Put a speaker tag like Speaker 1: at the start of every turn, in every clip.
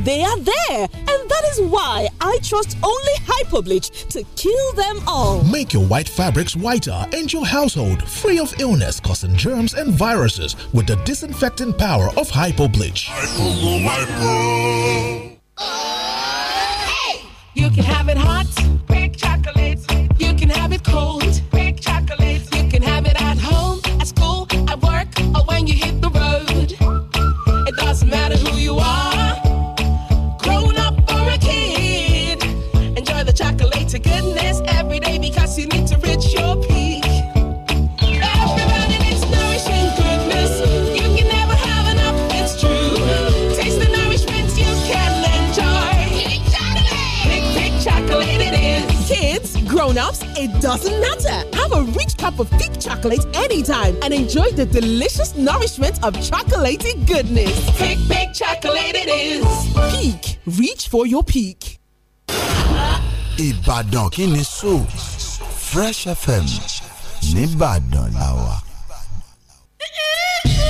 Speaker 1: they are there. And that is why
Speaker 2: I trust only Hypobleach to kill them all.
Speaker 3: Make your white fabrics whiter
Speaker 4: and your household free of illness causing germs and viruses with the disinfecting power of Hypobleach.
Speaker 5: Hypo, hypo. You can have it hot it doesn't matter. Have a rich cup of peak chocolate anytime and enjoy the delicious nourishment of chocolaty goodness. Peak, peak, chocolate it is. Peak. Reach for your peak.
Speaker 4: Ibadan kini so Fresh FM Nibadan lawa.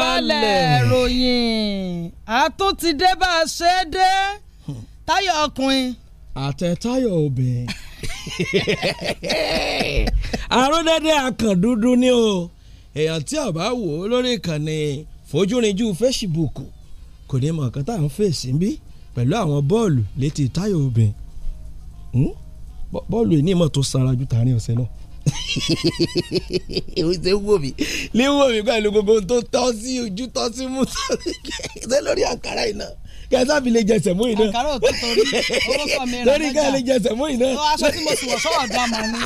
Speaker 1: balẹ̀ ròyìn àtún ti dé bá a ṣe é dé táyọ̀ ọkùnrin.
Speaker 6: àtẹ táyọ̀ obìnrin. àrùndẹ́dẹ́ àkàndúndú ni o èèyàn tí a bá wò ó lórí ìkànnì fojúrinjú fésibúùkù kò ní mọ̀ nǹkan tá à ń fèsì bí pẹ̀lú àwọn bọ́ọ̀lù létí táyọ̀ obìnrin hmm? bọ́ọ̀lù ìnímọ̀ tó sanra ju tààrin ọ̀sẹ̀ náà ṣe ń wò mí lè wò mí pẹ̀lú gbogbo tó tọ́ sí ojú tọ́ sí mú ṣe lórí àkàrà yìí náà kẹsà fi lè jẹsẹ̀ mú iná àkàrà ò tó torí owó kọ mi rà lọ́jà lórí kẹ́ lè
Speaker 1: jẹsẹ̀ mú iná. aṣọ tí mo sì wọ̀ sọ̀rọ̀ dá mọ́ ni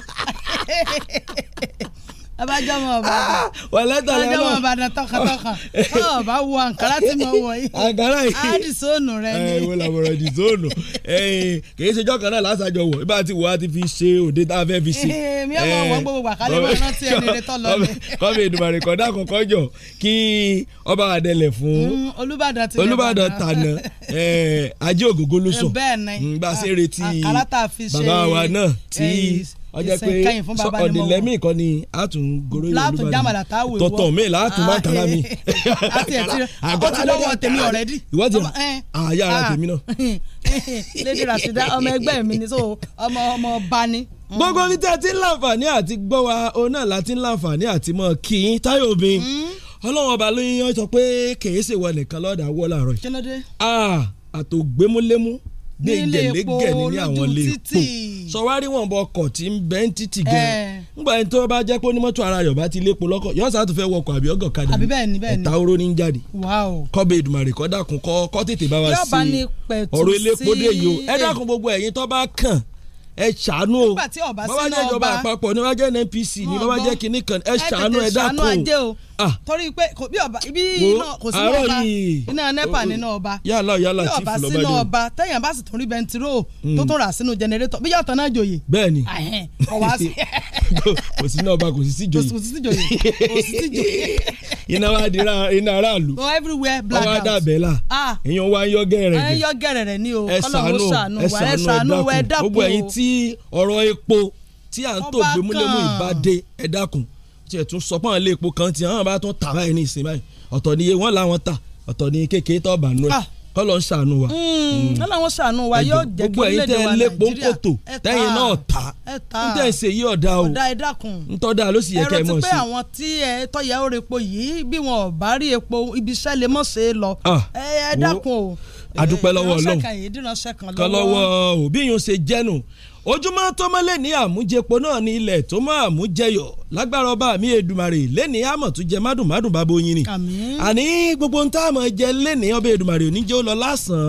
Speaker 1: abájọ ọmọ ọbàdàn wọlẹtọ lẹnu abájọ ọmọ ọbàdàn tọkàntọkàn ọ bá wọ àǹkárá tí mo wọ yìí àǹkárá yìí á di zónù rẹ ni. ẹ eh, wọ́n làwọn
Speaker 6: ọ̀rọ̀ di zónù eh, kìí ṣe jọ́kan náà lásàjọ wọ̀ ibà tí wọ́n á ti fi ṣe òde tá a fẹ́ fi ṣe. Eh, mi ò mọ̀ gbogbo wàkálẹ̀ wọn rántí ẹni rẹ tọ́ lọ rẹ. kọ́mi ìdùmàrè kọ́dá kọ́kọ́ jọ kí ọba àdẹlẹ̀ fún mm,
Speaker 1: Olúbàdàn tànà
Speaker 6: ajé ògógó ló sọ mm, bá a ṣe ah, retí bàbá wa náà ọjọ́ pé ọ̀dẹ̀lẹ́mì kan ni a tún goro ìlú olúbàdàn tọ̀tọ̀ mi látún má kàrà ah, mi. Eh, àgọ́ ti lọ́wọ́ tèmi ọ̀rẹ́dì. ìwádìí
Speaker 1: àyà ara ah, tèmi náà. Eh, lady rasida ọmọ ẹgbẹ́ mi ni so ọmọ ọmọ bani gbogbo bí mm. tẹ́ ti ń láǹfààní
Speaker 6: àti gbọ́ wa òun náà láti ń láǹfààní àti mọ̀ kí n táyọ̀ obìn mm. ọlọ́run ọba ló yan sọ pé kèé ṣèwọ nìkan lọ́dà wọ́ làárọ̀ yìí ah, àtògbémúlémú ní ìgẹ̀lẹ́gẹ̀ ní àwọn ilé epo sọwárí wọn bọ ọkọ̀ tí ń bẹ́ ń títì gan nígbà eh. tó bá jẹ́ pé onímọ́tò ara rẹ̀ bá ti lépo lọ́kọ̀ yọ sáà tó fẹ́ wọkọ̀ àbí ọgọ̀ kadà ẹ̀ta oró ní jáde kọ́bẹ̀ Èdùmàrè kọ́ dákun kọ́ tètè bá wa sí ọ̀rọ̀ ilé epo dé yìí o ẹ dákun gbogbo ẹ̀yin tó bá kàn ẹ ṣàánú o bàbá jẹ ìjọba àpapọ̀ ni bàbá jẹ́ NPC, ni bàbá jẹ́ kinní kan ẹ ṣàánú ẹ dákun
Speaker 1: torí pé bí ọba ibi iná kò sí ọba iná nepa nínú ọba yálà yálà tí ìfúlọ́ba dé bí ọba sínú ọba tẹ̀yàn bá sì tún rí bẹntiró hmm. tó tún rà sínú jẹnẹrétọ̀ bí yàtọ̀ náà jòyè bẹ́ẹ̀ ni àṣẹ kò sí náà ọba kò sí síjọ yìí kò sí síjọ yìí kò sí síjọ yìí. iná wa di iná aráàlú ọwọ́ adàbẹ́là
Speaker 6: ah. èèyàn wa yọ gẹ̀rẹ̀ ni ẹ
Speaker 1: yọ gẹ̀rẹ̀ rẹ̀ ni o kọ́lọ́mù sànù wa ẹ sànù ẹ dàpọ̀ gbogbo ẹ̀yin tí
Speaker 6: ọ̀rọ̀ epo tí à ń tò gbémúlémú ìbàdé ẹ dákun tí ẹ tún sọ ilé epo kan ti hàn bá tún tà báyìí ní ìsìn báyìí ọ̀tọ̀ ni iye wọn làwọn ta ọ̀tọ̀ ni kékeré tó bànú ẹ̀ ah kọ́lọ̀ ń ṣàánú wa. kọ́lọ̀ mm,
Speaker 1: mm. ń ṣàánú wa yóò jẹ́ kí orílẹ̀-èdè wa
Speaker 6: nàìjíríà ẹ ta tẹ́yìn náà ta ń tẹ̀ ṣe yí ọ̀dà o ọ̀dà ẹ
Speaker 1: dákun ń tọ́da ló sì yẹ ká ẹ mọ̀ sí. ẹ rántí pé àwọn tí ẹ tọ́yà ó repo yìí bí wọn ò bá rí epo ibi iṣẹ́ lè mọ̀ ṣe é lọ ẹ dákun o.
Speaker 6: adúpẹ́ lọ́wọ́ ọlọ́run kọ́ lọ́wọ́ òbí yìí ṣe jẹ́nu ojúmọ́ tó mọ́ lẹ́ni àmújẹpo náà ni ilẹ̀ tó mọ́ àmújẹyọ̀ lágbára ọba mi Èdùmàrè lẹ́ni àmọ̀ tó jẹ mádùnmádùn bá bóyin ni àní gbogbo nta àmọ̀ jẹ lẹ́ni ọba Èdùmàrè ò ní jẹ́ ó lọ lásán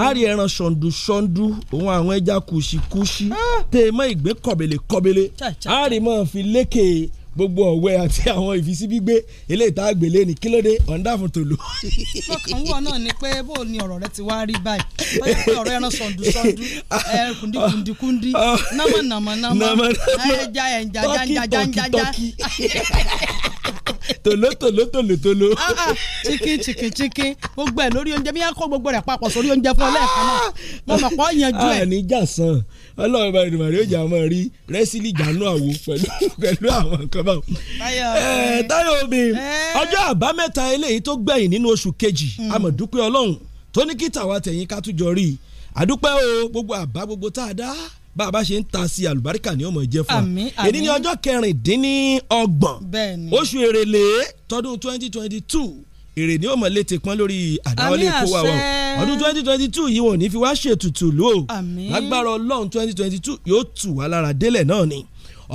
Speaker 6: àárí ẹran ṣọ̀ǹdù ṣọ̀ǹdù òun àwọn ẹja kùṣìkùṣì ah. tèèmọ́ ìgbé kọ̀bẹ̀lẹ̀ kọ̀bẹ̀lẹ̀ àárí mọ́ fi lékè gbogbo ọ̀wẹ́ àti àwọn ìfisí gbígbé eléyìí tá a gbélé ni kí ló dé ọ̀ndà fún tòlú.
Speaker 1: ọkàn wọ náà ni pé bó ni ọ̀rọ̀ rẹ ti wá rí báyìí báyìí pé ọ̀rọ̀ ẹran sọ̀ndù sọ̀ndù kundi kundi
Speaker 6: kundi Nama
Speaker 1: nama námà ẹja ẹja janja janja janja tòló tòló tòló tòló. Ah, ah, chicken chicken chicken gbogbo ẹ lórí oúnjẹ bí wọn kó gbogbo rẹ papọ̀ sórí oúnjẹ fún ọ lẹ́ẹ̀kan náà mo mọ̀ pọ́ yanjú ẹ̀.
Speaker 6: àní jà sàn ọlọ́run bá ìdùnnú àríwá ìjà máa rí rẹ́sílì ìjànú àwo pẹ̀lú pẹ̀lú àwọn nǹkan báwọn. táyọ̀ mi ọjọ́ àbámẹ́ta eléyìí tó gbẹ̀yìn nínú oṣù kejì hmm. amọ̀dúpẹ́ ọlọ́run tó ní kí tàwa tẹ̀yìn ká tújọ rí i àdúpẹ́ o gbogbo àbá gbogbo tá a dá bá a bá ṣe ń ta sí àlùbáríkà ni ọmọ ìjẹ fún wa èyí ni ọjọ́ kẹrìndínlọ́gbọ̀n oṣù èrèlé tọdún twenty twenty two èrè ní òmọ̀lé ti pọ́n lórí àdáwọ́lé kó wa o ọdún twenty twenty two yìí wọn ò ní fi wá ṣètùtù lò ó lágbára ọlọ́run twenty twenty two yóò tù wá lára délẹ̀ náà ni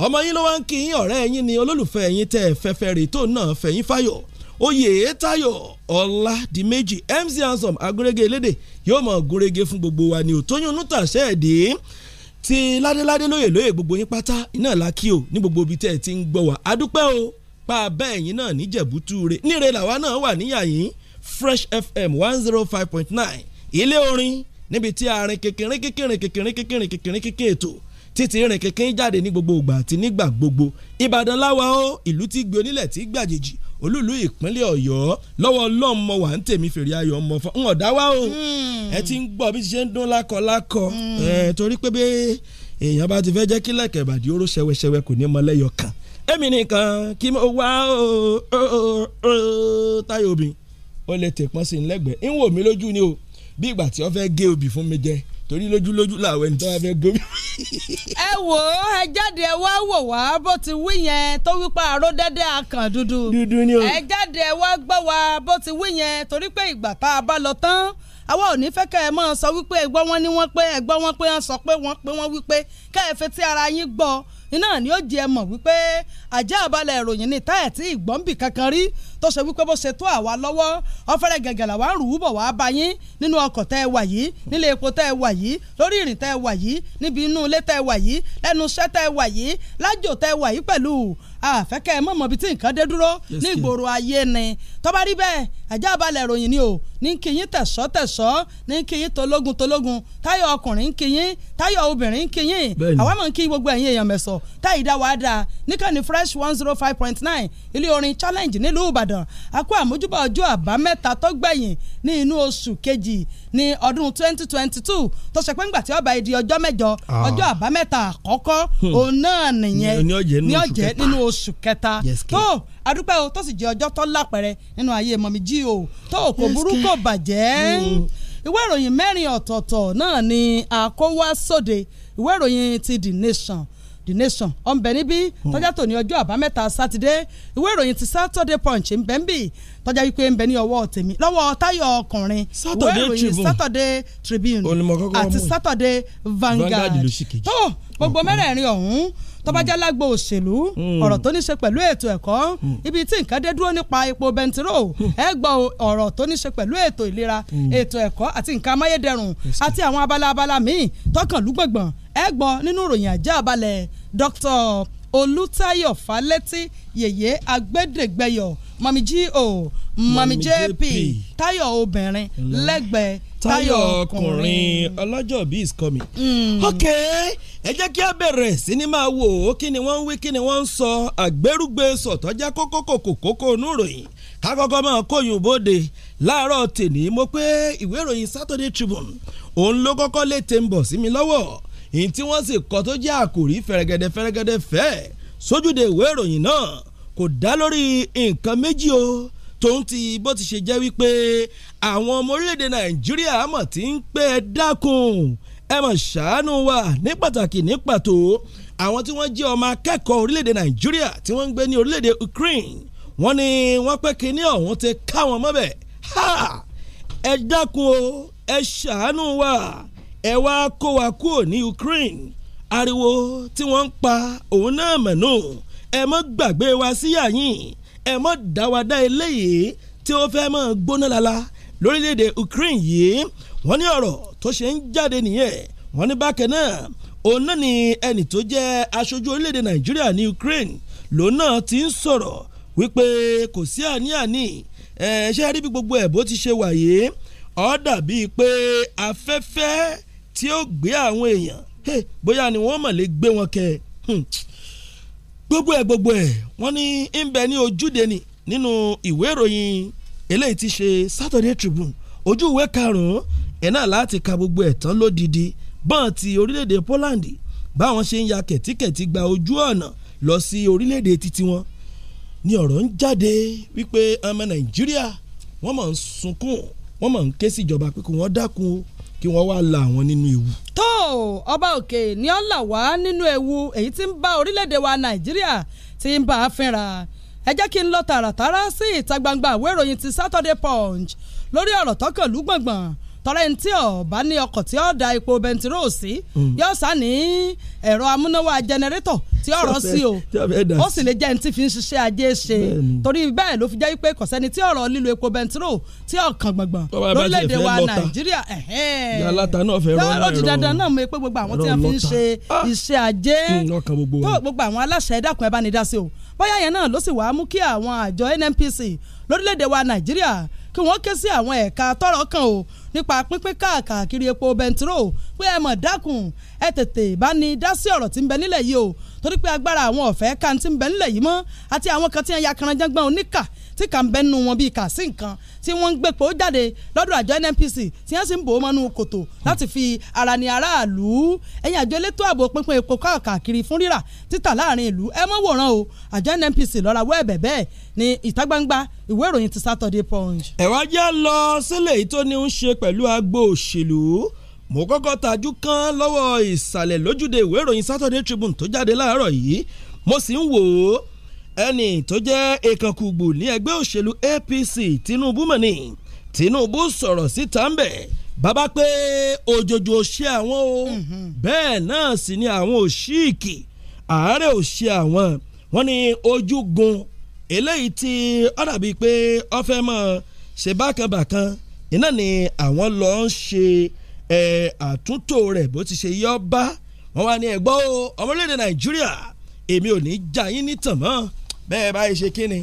Speaker 6: ọmọ yín ló wá ń kí yín ọ̀rẹ́ yín ni olólùfẹ́ yín tẹ́ fẹ́fẹ́ rè tó náà fẹ̀yìn fáyọ̀ oyè tayo ọlá di méjì mc ansom agúrégé elédè yóò mọ gúrégé fún gbogbo wa ni òtóyún nútà ṣẹ́ẹ̀dì ti ládéládé lóyè lóyè gbogbo yín pátá iná làákì o ní gbogbo ibi tẹ́ ẹ ti ń gbọ́ wá adúpẹ́ o pa abẹ́ ẹ̀yìn náà níjẹ̀bútú niile níre làwa náà wà níyàyín Fresh FM one zero oh five point nine ilé orin níbi tí arin kékeré kékeré kékeré kékeré kékeré kékeré ètò títí rìn kékeré jáde ní gbogbo ìgbà àti nígbà gbogbo Ìbàdàn láwa ó ìlú tí gbé onílẹ̀ tí gbàjèjì olúlu ìpínlẹ̀ Ọ̀yọ́ lọ́wọ́ ọlọ́mọ wà ń tèmi fèrè ayọ̀ ọmọ fún un ọ̀dá wa o hmm. ti ṣe ń dún hmm. ẹ torí pé èmi nìkan kí mo wá táyà obì ó lè tẹ̀pọ́n sí i lẹ́gbẹ̀ẹ́ ń wò mí lójú ni o bí ìgbà tí wọ́n fẹ́ gé obì fún mi jẹ torí lójúlójú làwọn ẹni tó wá fẹ́ gómìn.
Speaker 1: ẹ wò ó ẹ jáde ẹ wá wò wá bó ti wí yẹn tó wípa àró dẹ́dẹ́ akàn dúdú. dúdú ni o. ẹ jáde ẹ wá gbọ́ wa bó ti wí yẹn torí pé ìgbà tá a bá lọ tán àwa ò ní fẹ́ kẹ́ ẹ mọ́ sọ wípé ẹgbọ́n wọn ni wọ́n pé ẹgbọ́n wọn pé wọ́n sọ pé wọ́n pé wọ́n wípé kẹ́ ẹ fetí ara yín gbọ́ iná ni ó jẹ́ mọ̀ wípé àjẹ́ àbálẹ̀ ìròyìn ní táyà tí ìgbọ́nbì kankan rí tó ṣe wípé bó ṣe tó àwa lọ́wọ́ ọ̀fẹ́rẹ́ gẹ̀gẹ̀ làwa ń rù ú bọ̀ wá bá yín nínú ọkọ̀ tẹ́ ẹ wà yìí nílé epo tẹ́ ẹ wà yìí lórí ìrìn tẹ́ ẹ wà yìí níbi inú ilé tẹ́ ẹ wà yìí lẹ́nu iṣẹ́ tẹ́ ẹ wà yìí lájò tẹ́ ẹ wà yìí pẹ̀lú àfẹ́kẹ́ mọ̀mọ́ bíi tí nǹkan dé dúró ní ìgboro ayé ni tó bá rí bẹ́ẹ̀ ajá balẹ̀ ìròyìn ni o ní kìyín tẹ̀sọ́ tẹ̀sọ́ ní kìyín tológun tológun táyọ̀ ọkùnrin ń kìyín táyọ̀ obìnrin ń kìyín àwa máa ń kí gbogbo ẹ̀yin èèyàn mẹ́sọ̀ táyì dá wàá dáa níkànnì fresh one zero five point nine ilé orin challenge nílùú Ìbàdàn Ìbàdàn a kú àmójúbà ọjọ́ àbámẹ́ta tó gbẹ̀yìn ní inú oṣù kejì ní ọdún 2022 tó ṣe pé ńgbà tí ó bá ọjọ́ mẹ́jọ ah. ọjọ́ àbámẹ́ta àkọ́kọ́ hmm. òun náà nìyẹn ní ọ̀jẹ́ nínú oṣù kẹta tó adúpẹ́ o tó sì jẹ́ ọjọ́ tó lápẹ̀rẹ̀ nínú ayé mọ̀mí jí o tó kò burú kò bàjẹ́ hmm. ìwé ìròyìn mẹ́rin ọ̀tọ̀ọ̀tọ̀ náà ni àkówá sóde ìwé ìròyìn ti The Nation the nation ọ̀nbẹ níbí hmm. tọ́jà tó ní ọjọ́ àbámẹ́ta sátidé ìwé ìròyìn ti saturday punch ńbẹ ńbí tọ́jà wípé ńbẹ ní ọwọ́ tèmi lọ́wọ́ táyọ̀ ọkùnrin ìwé ìròyìn saturday tribune àti saturday vanguard tó gbogbo hmm. mẹ́rẹ̀ẹ̀rin ọ̀hún tọ́bajá hmm. lágbo òṣèlú hmm. ọ̀rọ̀ tó ní ṣe pẹ̀lú ètò ẹ̀kọ́ hmm. ibi tí nǹkan dé dúró nípa epo bẹntiró ẹ gbọ́ ọ̀rọ̀ tó ní ṣe pẹ̀lú ètò ìlera ètò ẹ̀kọ́ àti nǹkan amáyédẹrùn àti àwọn abala abala míì tọkànlú gbọ̀ngbọ̀n ẹ gbọ́ nínú ìròyìn àjẹ́ àbalẹ̀ Dr olùtayọ̀ falẹ́tí yèyé agbẹ́dẹ̀gbẹ́yọ̀ mọ̀mí G.O mọ̀mí J.P táyọ̀ obìnrin lẹ́gbẹ̀ẹ́ táyọ̀ ọkùnrin
Speaker 6: ọlọ́jọ́ bí is coming. Hmm. ok ẹ jẹ́ kí a bẹ̀rẹ̀ sinimá wo kí ni wọ́n ń wí kí ni wọ́n ń sọ àgbérúgbe sọ̀tọ́já kókó kòkó kókó nù ròyìn kákọ́kọ́ máa kóyún bóde láàárọ̀ tèmi mo pé ìwé ìròyìn Saturday Tribune òun ló kọ́kọ́ lè tẹ̀ ń bọ̀ sí mi lọ́wọ́ ìyìn tí wọ́n sì kọ́ tó jẹ́ àkòrí fẹ̀rẹ̀gẹ̀dẹ̀ fẹ̀rẹ̀gẹ̀dẹ̀ fẹ́ sójúde ìwé ìròyìn náà kò dá lórí nǹkan méjì o tòun ti bó ti ṣe jẹ́ wípé àwọn ọmọ orílẹ̀-èdè nàìjíríà mọ̀ tí ń pẹ́ dákun ẹ mọ̀ ṣàánú wa ní pàtàkì ní pàtó àwọn tí wọ́n jẹ́ ọmọ akẹ́kọ̀ọ́ orílẹ̀-èdè nàìjíríà tí wọ́n ń gbé ní orílẹ̀-èdè Ukraine wọ́n ní wọ́n pẹ́ kínní ọ̀hún ti ká wọn mọ́bẹ̀ ẹ dákun o ẹ ṣàánú wa ẹ wá kó wa kúrò ní Ukraine ariwo tí wọ́n ń pa òun náà mọ̀nù ẹ mọ́ gbàgbé wa sí àyìn ẹ mọ́ dá wa dá eléyìí tí ó fẹ́ mọ́ gbóná lala lórílẹ̀‐èdè Ukraine yìí wọ́n ní ọ̀rọ̀ tó ṣe ń jáde nìyẹn wọ́n ní bákẹ́ náà òun náà ni ẹnì tó jẹ́ aṣojú orílẹ̀‐èdè Nàìjíríà ní Ukraine lòun náà ti ń sọ̀rọ̀ wípé kò sí àní-àní ẹ̀ ṣe rí bí gbogbo ẹ̀ bó ti ṣe wà yìí ó dàbí pé afẹ́fẹ́ tí ó gbé àwọn èèyàn bóyá ni wọ́n mọ̀ lè gbé wọn kẹ́ hmm. gbogbo ẹ̀ gbogbo ẹ̀ wọ́n ní ń bẹ ní ojúde ni nínú ìwé ìròyìn eléyìí ti ṣe Saturday Tribune ojú ìwé karùn-ún ẹ̀ náà láti ka gbogbo ẹ̀ tán lódìdí bọ́ọ̀n ti orílẹ̀-èdè Poland báwọn ṣe ń ya kẹ̀tíkẹ̀tí gba ojú ọ̀nà lọ sí orílẹ̀-èdè títí wọn ni ọ̀rọ̀ ń jáde wípé ọmọ Nàìjíríà wọ́n máa ń sunkún wọ́n máa ń ké síjọba pé kí wọ́n dákun o kí wọ́n wá la àwọn nínú ewu.
Speaker 1: tó ọba òkè ni ó là wá nínú ewu èyí tí ń bá orílẹ̀-èdè wa nàìjíríà tí ń bá a fínra ẹ jẹ́ kí n lọ tààràtàrà sí ìta gbangba àwé ti Saturday Punch lórí ọ̀rọ̀ tọkànlú gbọ̀ngbọ̀n tọ́lá ẹni tí ọ̀bá ní ọkọ̀ tí ó da epo bẹntiróò sí mm. yóò sá ní ẹ̀rọ amúnáwá jẹnẹrétọ̀ tí ọ̀rọ̀ sí o ó sì lè jẹ́ ẹni tí fi ń ṣiṣẹ́ ajé ṣe torí bẹ́ẹ̀ ló fi jẹ́ pé kò tí ọ̀rọ̀ lílo epo bẹntiróò tí ọ̀kan gbọ̀ngbọ̀n lórílẹ̀‐èdè wa nàìjíríà yàlátà náà fẹ́ rọ́ọ̀rọ̀ ó di dandan náà mú pé gbogbo àwọn tí wọ́n fi ń ṣe ah! iṣẹ́ ajé gbogbo àwọn aláṣẹ ẹ̀dàkùn ẹ̀ bá ní dá sí o bóyá yẹn náà ló sì wàá mú kí àwọn àjọ NNPC lórílẹ̀‐èdè wa nàìjíríà kí wọ́n ké sí àwọn ẹ̀ka tọ́rọ̀ kàn o nípa pínpín káàkiri epo bẹntiró pé ẹ mọ̀ dákun ẹ tètè bá ní dá sí ọ̀rọ̀ tí ń bẹ nílẹ̀ yìí o torí pé agbára àwọn ọ̀fẹ́ kan tí ń bẹ nílẹ̀ yìí mọ́ àti àwọn kan tí ń ya karanjangbọ̀n oníkà tí kà ń bẹ nínú wọn bíi kà sí nǹkan tí wọ́n ń gbé pé ó jáde lọ́dọ̀ àjọ NNPC tí wọ́n sì ń bò ó mọ́nú kòtò láti fi ara ní aráàlú ẹ̀yìn àjọ elétò ààbò pínpín epo káàkiri fún rírà títà láàrin ìlú ẹ mọ́ wòran o àjọ NNPC lọ́ra wọ́ ẹ̀bẹ̀ bẹ́ẹ̀ ní ìta gbangba ìwé ìròyìn ti Saturday Punch.
Speaker 6: ẹ̀wá jẹ́ lọ sílẹ̀ èyí tó ní ń ṣe pẹ̀lú agbo òṣèlú mo kọ́kọ́ tajú kan lọ́wọ́ ìsàlẹ̀ lójúde ìwé ìròyìn Saturday Tribune tó jáde láàárọ̀ yìí mo sì ń wò ó ẹnì tó jẹ́ ìkànkùgbù ní ẹgbẹ́ òṣèlú APC Tinubu mọ̀ ni Tinubu sọ̀rọ̀ síta ń bẹ̀ bàbá pé òjòjò ṣe àwọn o mhm. bẹ́ẹ̀ náà sì ni àwọn òṣìkì àárẹ̀ ò ṣe àwọn wọ́n ní ojúgun eléyìí tí ó dàbí pé ó fẹ́ mọ̀ ṣe bákanbàkan iná ni àwọn lọ ń ṣe àtúntò rẹ̀ bó ti ṣe yọ bá wọ́n wá ní ẹ̀gbọ́n ọmọlẹ́dẹ̀ Nàìjíríà èmi ò ní já yín nítàn mọ́ bẹ́ẹ̀ báyìí ṣe kíni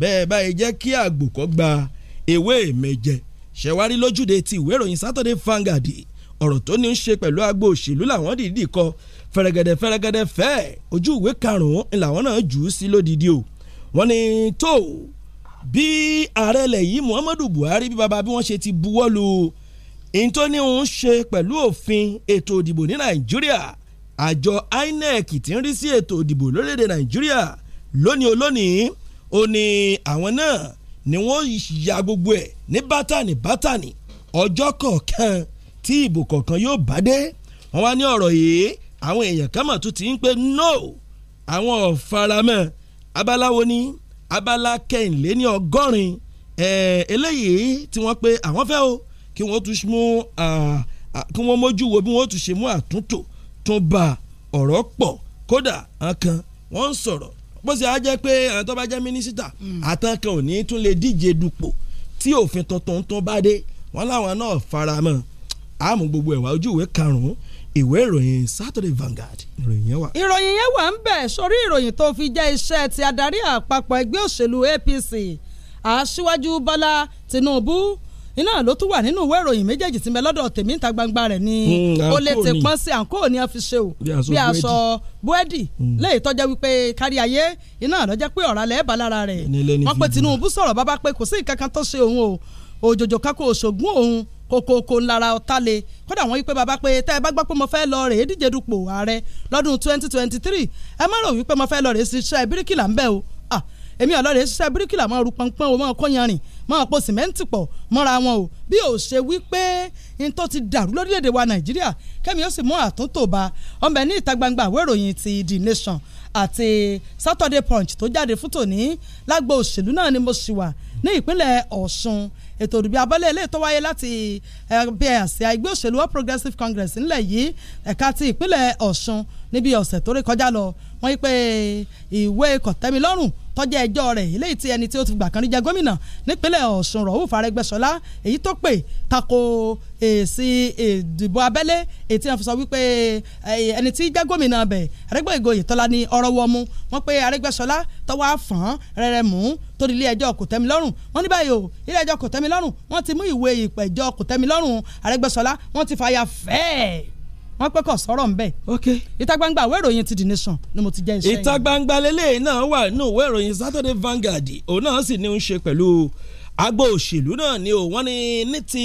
Speaker 6: bẹ́ẹ̀ báyìí jẹ́ kí àgbòkọ́ gba ewé méje ṣẹ̀wárí lójúde ti ìwé ìròyìn Saturday Vanguard ọ̀rọ̀ tó ní í ṣe pẹ̀lú agbo òṣèlú làwọn dìídì kọ fẹ̀rẹ̀gẹ̀dẹ̀ fẹ̀rẹ̀gẹ̀dẹ̀ fẹ́ ojú ìwé karùn-ún làwọn náà jù ú sí lódìdí o wọ́n ní tó bí ààrẹ ilẹ̀ yìí Muhammadu Buhari bí baba bí wọ́n ṣe ti buwọ́ lu èyí tó ní òun ṣe pẹ̀lú òfin ètò ìdìbò ní Nàìjíríà àjọ INEC ti ń rí sí ètò ìdìbò lórílẹ̀-èdè Nàìjíríà lónìí olónìí ó ní àwọn náà ni wọ́n ya gbogbo ẹ̀ ní bátànì bátànì ọjọ́ kọ̀ọ̀kan tí ìbò kọ̀ọ̀kan yóò bá dé wọ́n wá ní ọ̀rọ̀ yìí àwọn èèyàn kan mà tún ti ń pé no àwọn ò faramọ́ abaláwo ní abala kẹ́hìnléní ọgọ́rin eléyìí tí wọ́n pé àwọn fẹ́ o kí wọ́n tún mú kí wọ́n mójú wo bí wọ́n tún ṣe mú àtúntò tún ba ọ̀rọ̀ pọ̀ kódà àwọn wọ́n ń sọ̀rọ̀ bó ṣe á jẹ́ pé àwọn tó bá jẹ́ mínísítà àtàn kan ò ní tún lè díje dupò tí òfin tuntun tó bá dé wọn láwọn náà faramọ́ àmú gbogbo ẹ̀wà ojú ìwé karùn-ún ìwé ìròyìn Saturday Vanguard ìròyìn yẹn wà.
Speaker 1: ìròyìn yẹn wà ń bẹ̀ sórí ìròyìn tó fi jẹ́ iṣẹ́ ti adarí àpapọ̀ ẹgbẹ́ òṣèlú APC Aṣíwájú Bọ́lá Tinubu iná ló tún wà nínú ìwé ìròyìn méjèèjì tí mẹ lọ́dọ̀ tèmi níta gbangba rẹ̀ ni hmm, ó lè ti pọ́n sí àǹkó ni a fi ṣe o bí aṣọ búẹ́dì hmm. léyìí tọ́jọ́ wípé kárí ayé iná lọ́jọ́ pé ọ̀rá lẹ́ẹ̀bà lára rẹ̀ wọ́n pe Tinubu sọ̀rọ̀ bàbá pé kò sí nǹkan kan tó ṣe òun o òjòjò kakó òṣògùn òun kokoko ńlára ọ̀tá le kódà wọ́n yí pé bàbá pé tẹ́ ẹ bá gbọ́ pé mo fẹ́ lọ rèé díje dupò ààrẹ lọ́dún twenty twenty three ẹ má rò wípé mo fẹ́ lọ rèé ṣiṣẹ́ bíríkìlà ń bẹ̀ o èmi ọlọ́rẹ̀ ṣiṣẹ́ bíríkìlà máa ru pọnpọ́n o máa kó yanrìn máa po sìmẹ́ǹtì pọ̀ mọ́ra wọn o bí ò ṣe wí pé n tó ti dàrú lórílẹ̀‐èdè wa nàìjíríà kẹ́mi ó sì mú àtúntò bá ọmọbẹ ní ìta gbangba àwọn ìròyìn ti the nation àti saturday punch tó jáde fún tòní lágbo òṣèlú náà ni mo ṣì wà ní ìpínlẹ̀ ọ̀ṣun ètò òdìbí abọ́lé ilé tó wáyé láti ẹgbẹ́ àsíá ẹgbẹ́ òṣèlú all progressives congress ńlẹ̀ yìí ẹ̀ka ti ìpínlẹ̀ ọ̀ṣun níbi ọ̀sẹ̀ tó rí kọjá lọ wọ́n yí pé ìwé kọ̀tẹ́milọ́rùn tọ́jẹ́ ẹjọ́ rẹ̀ eléyìí tí ẹni tí ó ti gbà kan rí jẹ gómìnà nípínlẹ̀ Ọ̀ṣun Rọ̀húfù Arẹ́gbẹ́ṣọlá èyí tó pè tako èsì e, ìdìbò e, abẹ́lé èyí tí wọ́n fi sọ wípé e, ẹni tí jẹ́ gómìnà bẹ̀ Arẹ́gbẹ́ṣọlá tọ́lá ní ọ̀rọ̀ wọ́n mu wọ́n pé Arẹ́gbẹ́ṣọlá tọ́wọ́ àfọ̀n rẹ̀rẹ̀ mú torí ilé ẹjọ́ kò tẹ́mi ní báyìí o ilé ẹjọ́ kò tẹ́mi ti mú ìwé ìpẹ̀jọ́ kò tẹ́mi lọ́rùn ti fàyà fẹ́ẹ̀ wọ́n pẹ́ kọ̀ sọ̀rọ̀ ń bẹ̀. ok ìta gbangba ìwé ìròyìn ti the nation ni mo ti jẹ́ iṣẹ́ yẹn. ìta gbangba lélẹ́yìn
Speaker 6: náà wà nínú ìwé ìròyìn Saturday Vanguard òun náà sì ní í ṣe pẹ̀lú agbo òṣèlú náà ni ò wọ́n ní ní ti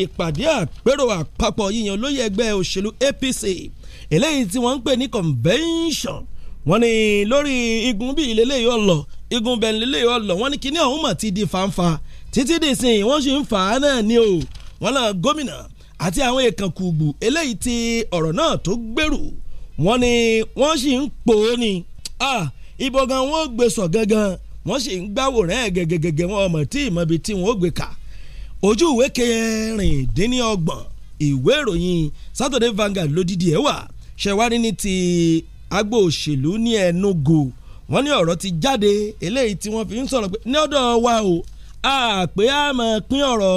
Speaker 6: ìpàdé àpérò àpapọ̀ yíyan olóyè ẹgbẹ́ òṣèlú APC eléyìí tí wọ́n ń pè ní convention wọ́n ní lórí igun bíi lélẹ́yìí ọ̀lọ́ igun bẹ́ẹ̀ lélẹ́yìí ọ̀lọ́ wọ́n ní kíní ọ̀hún mọ̀ ti di fanfa títí dìsìn wọ́n sì ń fà á náà ni o wọ́n náà gómìnà àti àwọn èèkàn kùgbù eléyìí tí ọ̀rọ̀ náà tó gbèrú wọ́n ní wọ́n sì ń pò ó ni ibo gan wọn ò gbé sọ gangan wọ́n sì ń gbàwòrán ẹ̀ gẹ́gẹ́gẹ́gẹ́ wọn ọmọ tí ìmọ̀bi tí wọ́n ò gbé kà ojú ìwé kẹrìndínlọ́gbọ̀n ìwé ìròyìn Saturday Vanguard lódìdí ẹ̀ wà ṣẹ̀wárí ní ti agbo òṣèlú ní Enugu wọ́n ní ọ̀rọ̀ ti jáde eléyìí tí wọ́n fi ń sọ̀rọ̀ pé ní ọ̀dọ̀ wa o àpè àmọ́ pín ọ̀rọ̀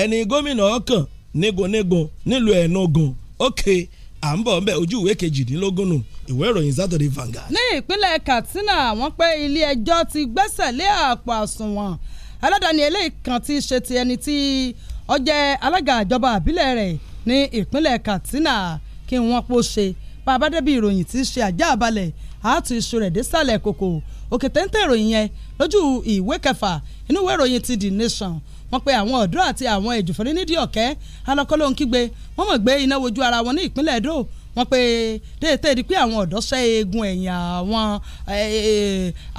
Speaker 6: ẹni gómìnà ọkàn nígunnígun nílùú ẹ̀ẹ́nùgùn ókè à ń bọ̀ ń bẹ̀ ojú ìwé kejìdínlógún nù ìwé ìròyìn Saturday Vanguard.
Speaker 1: ní ìpínlẹ̀ Katsina wọ́n pé ilé ẹjọ́ ti gbẹ́sẹ̀ lé àpò àsùnwọ̀n aládàáni eléyìí kan ti ṣe ti ẹni tí ó jẹ́ alága ìjọba àbílẹ̀ rẹ̀ ní ìpínlẹ̀ Katsina kí wọ́n pò ṣe bàbá débi ìròyìn tí ṣe àjá àbalẹ̀ àátú iṣu rẹ̀ désàlẹ̀ kòkò òkè téńté ìròyìn yẹn lójú ìwé kẹfà inú ìwé ìròyìn ti The Nation wọ́n pe àwọn ọ̀dọ́ àti àwọn ìjùfọ́ni nídìí ọ̀kẹ́ alọ́kọ́lóhun kígbe wọ́n mọ̀ gbé iná wojú ara wọn ní ìpínlẹ̀ Edo wọ́n pe déétẹ́ di pé àwọn ọ̀dọ́ sẹ́ eegun ẹ̀yìn àwọn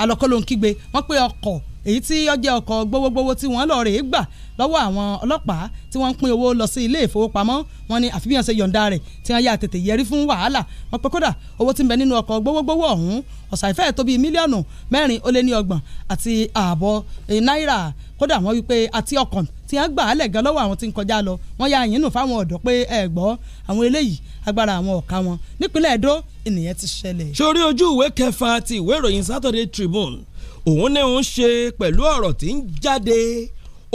Speaker 1: alọ́kọ́lóhun kígbe wọ́n pe ọkọ̀ èyí tí ó jẹ́ ọkọ̀ gbowógbowó tí wọ́n lọ rèé gbà lọ́wọ́ àwọn ọlọ́pàá tí wọ́n ń pín owó lọ sí ilé ìfowópamọ́ wọn ni àfi bí wọ́n ṣe yọ̀ǹda rẹ̀ tí wọ́n yà tètè yẹrí fún wàhálà wọn pé kódà owó tí ń bẹ nínú ọkọ̀ gbowógbowó ọ̀hún ọ̀sà ìfẹ́ tó bíi mílíọ̀nù mẹ́rin ó lé ní ọgbọ̀n àti ààbọ̀ e, náírà kódà wọ́n wí pé àti ọkàn tí wọ́n gbà á lẹ̀ gan lọ́wọ́ àwọn tí ń kọjá lọ wọ́n ya àyín nù fáwọn ọ̀dọ́ pé ẹ gbọ́ àwọn eléyìí agbára àwọn ọ̀ka wọn nípínlẹ̀ Ẹdó ìnìyẹn ti ṣẹlẹ̀.
Speaker 6: sórí ojú ìwé kẹfà ti ìwé ìròyìn Saturday Tribune òun ní òun ṣe pẹ̀lú ọ̀rọ̀ tí ń jáde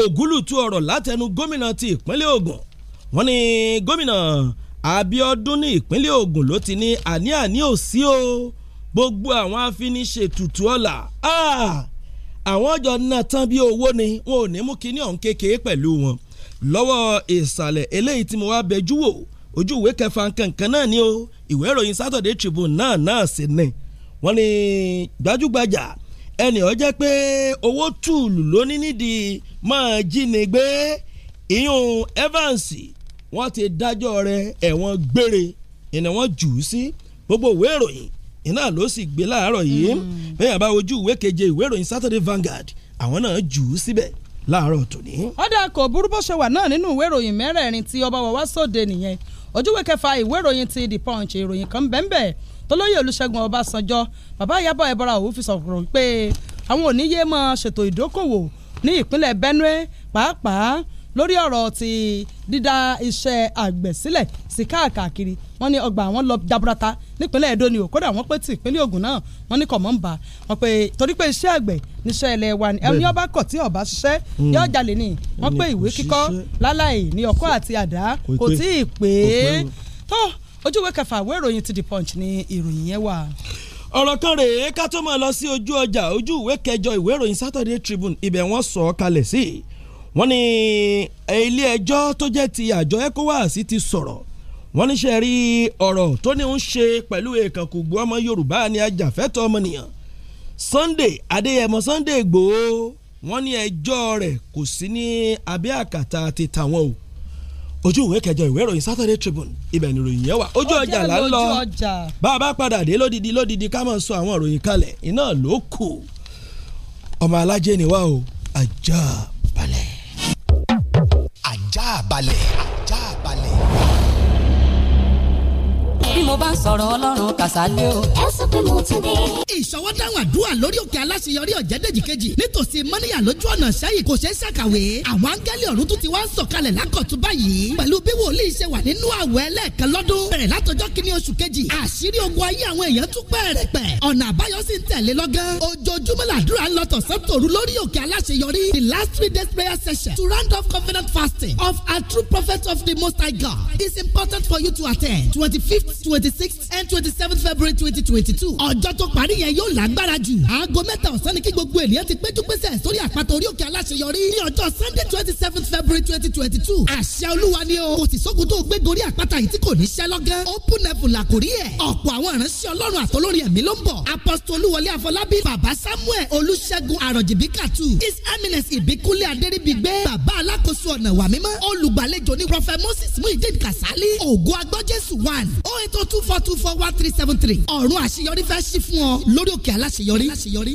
Speaker 6: ògúlùtú ọ̀rọ̀ látẹnu gómìnà ti ìpínlẹ̀ Ògùn wọ́n ní gómìnà Abíọ́dún ní ìpínlẹ̀ Ògùn ló ti ní àní-àní ò sí o gbogbo àwọn afiniṣètùtù ọ̀la ah, àwọn ọjọ́ náà tán bí owó ni wọn ò ní mú kíní ọ̀hún kékeré pẹ̀lú wọn lọ́wọ́ ìsàlẹ̀ eléyìí tí mo wá bẹjú wò ojú ìwé kẹfà kankan náà ni o ìwé ìròyìn Saturday Tribune náà náà sì ni wọ́n ní gbajúgbajà ẹnì ọ jẹ́ pé owó tùlù lóní nídìí máa jínigbé ìyún Evans wọ́n ti dájọ́ rẹ̀ ẹ̀wọ̀n gbére ìnà wọ́n jù ú sí gbogbo ìwé ìròyìn iná ló sì gbé láàárọ̀ yìí hmm. bẹ́ẹ̀
Speaker 1: bá ojú ìwé keje ìwé ìròyìn Saturday Vanguard àwọn náà jù ú síbẹ̀ láàárọ̀ tòní. ọ̀dà kò burú bó ṣe wà náà nínú ìwé ìròyìn mẹ́rẹ̀ẹ̀rin tí ọba wa wá sóde nìyẹn ojúwe kẹfà ìwé ìròyìn ti The Punch ìròyìn kan bẹ́ẹ̀ bẹ́ẹ̀ tolóyè olùṣègùn ọbásanjọ́ bàbá ìyábọ̀ ẹ̀bọra òwú fi sọ̀rọ̀ pé àwọn òní yé máa ṣètò ìdókòwò ní ìpínlẹ̀ benue pàápàá lórí ọ̀rọ̀ ti dídá iṣẹ́ àgbẹ̀ sílẹ̀ sí káàkiri wọ́n ní ọgbà àwọn lọ daburata nípínlẹ̀ Edo ni òkúrẹ́ àwọn pé ti ìpínlẹ̀ Ògùn náà wọ́n ní kọ̀mọ́ ń bà wọ́n pé torí pé iṣẹ́ àgbẹ̀ níṣẹ́ ilẹ̀ wa ni ẹni ọba kọ̀ tí ọba ṣiṣẹ́ hmm. yóò jalè ni wọ́n pé ìwé kíkọ́ láláì ní ọkọ́ àti àdá kò tí ì pé tó ojú ìwé kẹfà àwọn ìròyìn ti The Punch ni ìròyìn yẹn wà. ọ̀rọ̀ kan rèé ká tó máa lọ sí
Speaker 6: ojú ọjà ojú ìwé kẹjọ ìwé ìròyìn Saturday Tribune ibẹ̀ wọ́n sọ ọ́ kalẹ̀ sí i wọ́n ní ilé ẹjọ́ tó jẹ́ ti àjọ ECOWAS ti sọ̀rọ̀ wọ́n ní ṣe rí ọ̀rọ̀ tó ní ń ṣe pẹ̀lú èèkànkùgbù ọmọ Yorùbá ni ajàfẹ́tọ̀ ọmọnìyàn Sunday Adéyẹmọ Sunday Ìgbòho wọ́n ní ẹjọ́ rẹ̀ kò sí ní abẹ́ àkàtà ti tàwọn o ojú ìwé kẹjọ ìwé ìròyìn Saturday Tribune ibẹ̀ ni ìròyìn yẹn wà ojú ọjà là ń lọ bá a bá padà dé lódìdí lódìdí ká máa sọ àwọn ìròyìn kalẹ̀ iná ló kù ọmọ alájẹ ni wá o ajá balẹ̀. ajá balẹ̀.
Speaker 2: mo bá ń sọ̀rọ̀ ọlọ́run kàṣálẹ́ o. ẹ sọ pé mo ti dé. ìṣọwọ́ dáhùn àdúrà lórí òkè aláṣeyọrí ọ̀jẹ̀dẹ̀jì kejì nítòsí mọ́níyà lójú ọ̀nà sẹ́yìn kò ṣeé ṣàkàwé àwọn áńgẹ́lì ọ̀run tún ti wá ń sọ̀kalẹ̀ lákọ̀tún báyìí pẹ̀lú bí wòlíì ṣe wà nínú àwọ̀ ẹlẹ́ẹ̀kan lọ́dún bẹ̀rẹ̀ látọjọ́ kìíní oṣù kejì àṣírí ogun ayé the last three days prayer session to round off covenant fasting of our true prophet of the most high God is important for you to attend twenty fifth twenty 26 sixth and 27 seventh february 2022. twenty two ọjọ́ tó parí yẹn yóò lágbára jù aago mẹ́ta ọ̀sán ni kí gbogbo ènìyàn ti péjú pésẹ̀ sórí àpáta orí òkè aláṣeyọrí ní ọjọ́ sunday 27 seventh february 2022. twenty two àṣẹ olúwa ni o kò sì sógun tó gbé gorí àpáta yìí tí kò ní ṣẹ́ lọ́gán open level làkórí ẹ̀ ọ̀pọ̀ àwọn ìránṣẹ́ ọlọ́run àtọlórin ẹ̀mí ló ń bọ̀ apọ́sítọ̀ olúwọlé àfọlábí bàbá samuel olùṣègùn àròjìbíkàtù his eminence ìbíkúnlé adéríbigbé bàbá alákòóso ọ̀nà ìwà mímọ́ olùgbàlejò ní one oh eight oh two four two four one three seven three ọ̀run àṣeyọrí fẹ́ sí fún ọ lórí òkè aláṣeyọrí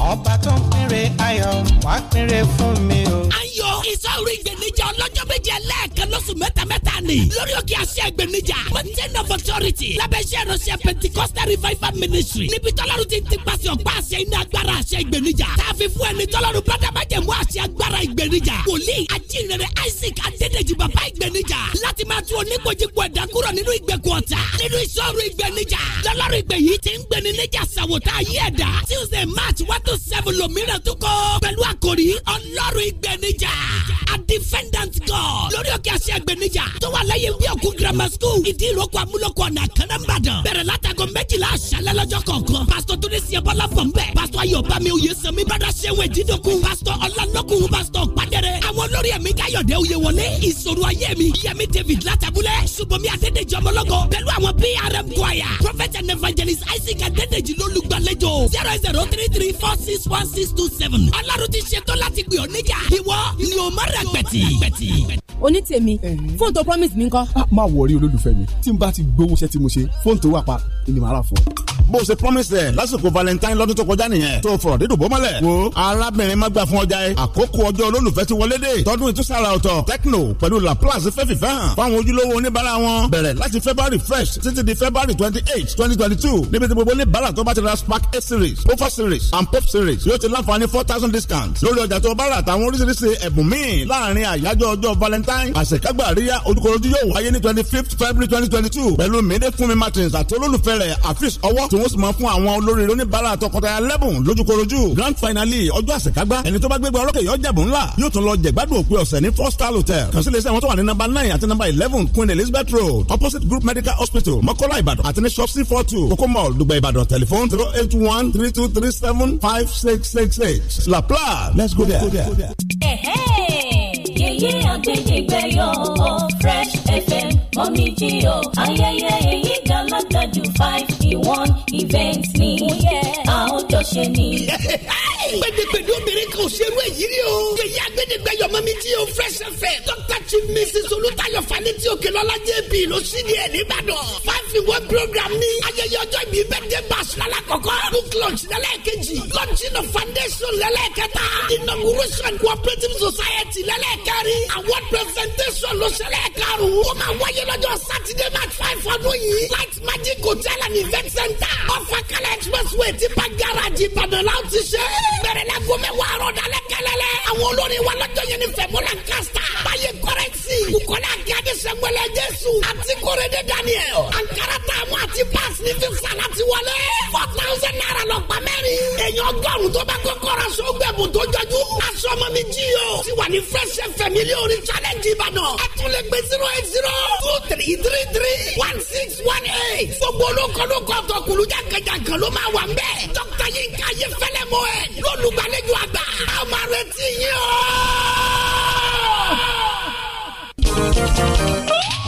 Speaker 5: ọba tó ń pínre ayọ̀ wá pínre fún mi o. ayọ̀ ìsọ̀rí ìgbẹ́nijà ọlọ́jọ́ méje ẹlẹ́ẹ̀kan lóṣù mẹ́tamẹ́ta ni lórí òkè àṣẹ ìgbẹ́nijà mountain of authority lábẹ́ iṣẹ́ ìránṣẹ́ pentikosta revival ministry níbi tọ́lọ́run ti ti pàṣẹ ọ̀pá àṣẹ iná agbára àṣẹ ìgbẹ́nijà káfí fún ẹni tọ́lọ́run bọ́dá májẹ̀mú àṣẹ agbára ìgbẹ́nijà wòlíì ajínrere isaac adédèjì bàbá ìgbẹ́nijà láti máa tún oníkojúkọ ẹ̀dá kúrò nínú ìgbẹ́kọ̀ ọ̀tá nínú ìsọ̀rọ̀ ìgbẹ́nijà lọ́lọ́run ìgbẹ́ yìí ti ń gbẹ́ni níjà sàwọ̀tá ayé ẹ̀dá tuesday march one battle seven lòmíràn tó kọ́ pẹ̀lú àkòrí ọlọ́run ìgbẹ́nijà a defendant god lórí òkè àṣẹ ìgbẹ́nijà tó wà lẹ́yìn bí òkú grammar school ìdí ìrókò amúlòkọ ọ̀nà kanambadan bẹ̀rẹ̀ látago méjìlá àṣálẹ́ lọ́jọ́ kọ̀ọ̀kan pásítọ̀ tó ní sí ẹbọlá fọ̀ nbẹ̀ pásítọ̀ ayọ̀bámi oyèsànmi bàdà sẹ́wọ̀n ìdídọ́kun pásítọ̀ ọlálọ́kun pásítọ̀ pàdẹ́rẹ́ àwọn olórí ẹ̀mí káyọ̀dé oyèwọlé ìṣòro ayé mi yẹmi david látàbúlẹ̀ Subomi mi adédèjì ọmọlọ́gọ pẹ̀lú àwọn prm choir prophet and evangelist isaac adédèjì lólùg zero zero three three four six one six two seven ọlọ́run ti ṣetán láti gbìyànjú níjà ìwọ ni o mọ̀ rẹ̀ pẹ̀tì onítèmi
Speaker 4: fóònù tó promise mi ńkọ́. Ah, má wọrí olólùfẹ́ mi tí n bá ti gbowó iṣẹ́ tí mo ṣe fóònù tó wà pa ni màá rà fún ọ bó ṣe promise ẹ lásìkò valentine lọ́dún tó kọjá nìyẹn tó fọ̀rọ̀ dídùn bó mọ́lẹ̀. wo arábìnrin má gbà fún ọjà yẹn àkókò ọjọ́ olólùfẹ́ ti wọlé dé tọdún ìtúsára ọ̀tọ̀ tecno pẹ̀lú laplace fẹ́ fìfẹ́ hàn fáwọn ojúlówó oníbàárà wọn bẹ̀rẹ̀ láti february first, títí di february twenty eight twenty twenty two níbi tí gbogbo oníbàárà tó bá ti ra spark eight series pofa series and pop series yóò ti láǹfààní four thousand discount lórí ọjà tó bá rà àtàwọn oríṣiríṣi ẹ̀bùn míì láàrin àyájọ́ ọjọ́ valentine time àṣekágbà àríyá olùkọ́lójú yóò wáyé ní twenty fifth february twenty twenty two pẹ̀lú mèdè fúnmi martins àti olólùfẹ́ rẹ̀ afis ọwọ́ tí wọ́n sì máa fún àwọn olórí oníbàárà tọkọtaya lẹ́bùn lójúkorojú grand finale ọjọ́ àṣekágbá ẹni tó bá gbégbá ọlọ́kẹ́ yọ jẹ̀bù ńlá yóò tún lọ jẹ̀gbádùn òpin ọ̀sẹ̀ ní four star hotel kàn sí lè ṣe àwọn tó wà ní number nine àti number eleven queen elizabeth road opposite group medical hospital mọ́kọ́lá ìbàdàn àti ní shop c four two kókó mall dùgbẹ́ ìbàdàn telephone zero eight one three two three seven five six six six la place let's go there.
Speaker 5: Hey, hey jí àgbèjìgbẹ yọ ọ Fresh FM mọ́mí jí o ayẹyẹ èyí gàlágà ju five in one event ni. Oh yeah ṣe ni. gbẹdẹgbẹdẹ obìnrin kan ò ṣerú èyí rí o. yèyí agbẹdẹgbẹ yọmọ mi tí o fresh fẹ. dr chief mrs olutayo fani tí o kele ọlajẹ bi ló sí ni ẹ nìbàdàn. five in one program ni. ayẹyẹ ọjọ́ ìbí birthday bash lọ́la kọ̀kọ́. book launch lọ́la kejì. launching of foundation lọ́la kẹta. inauguration cooperative society lọ́la kẹrin. award presentation ló ṣẹlẹ̀ karùn-ún. ó máa wáyé lọ́jọ́ saturday march five ọdún yìí. light magic hotel and event center. ọ̀fà kala expressway ti pa garage ìdajì ìbàdàn la ti ṣe. bẹ̀rẹ̀ la gomẹ wa rọ̀dálẹ̀ kẹlẹ́lẹ́. àwọn olórin wa lọ́jọ́ yẹn ni fẹ̀mú lancaster. báyé kọ́rẹ́sì. kukọ́lá gíadé sẹ́gbẹ́lẹ́ jésù. àti kórede daniel. ankara taamu àti pass ní fi sàlá ti wọlé. four thousand naira lọ gba mẹ́rin. èèyàn ọgọ́rùn tó bá kọ́kọ́ ra so gbẹ̀bùn tó jọjú. aṣọ ọmọ mi jí o. ti wà ní fresh fm mílíọ̀nù challenge ìbàdàn. a tún lè gbé zero eight zero two three three three one six one eight. gbogbo olókòlókò tó kulujà kẹjà kan ló máa wà ń bẹ́ẹ̀. dókítà yìí ti ń ka yé fẹlẹ mọ ẹ lọlùgbàlejò a máa retí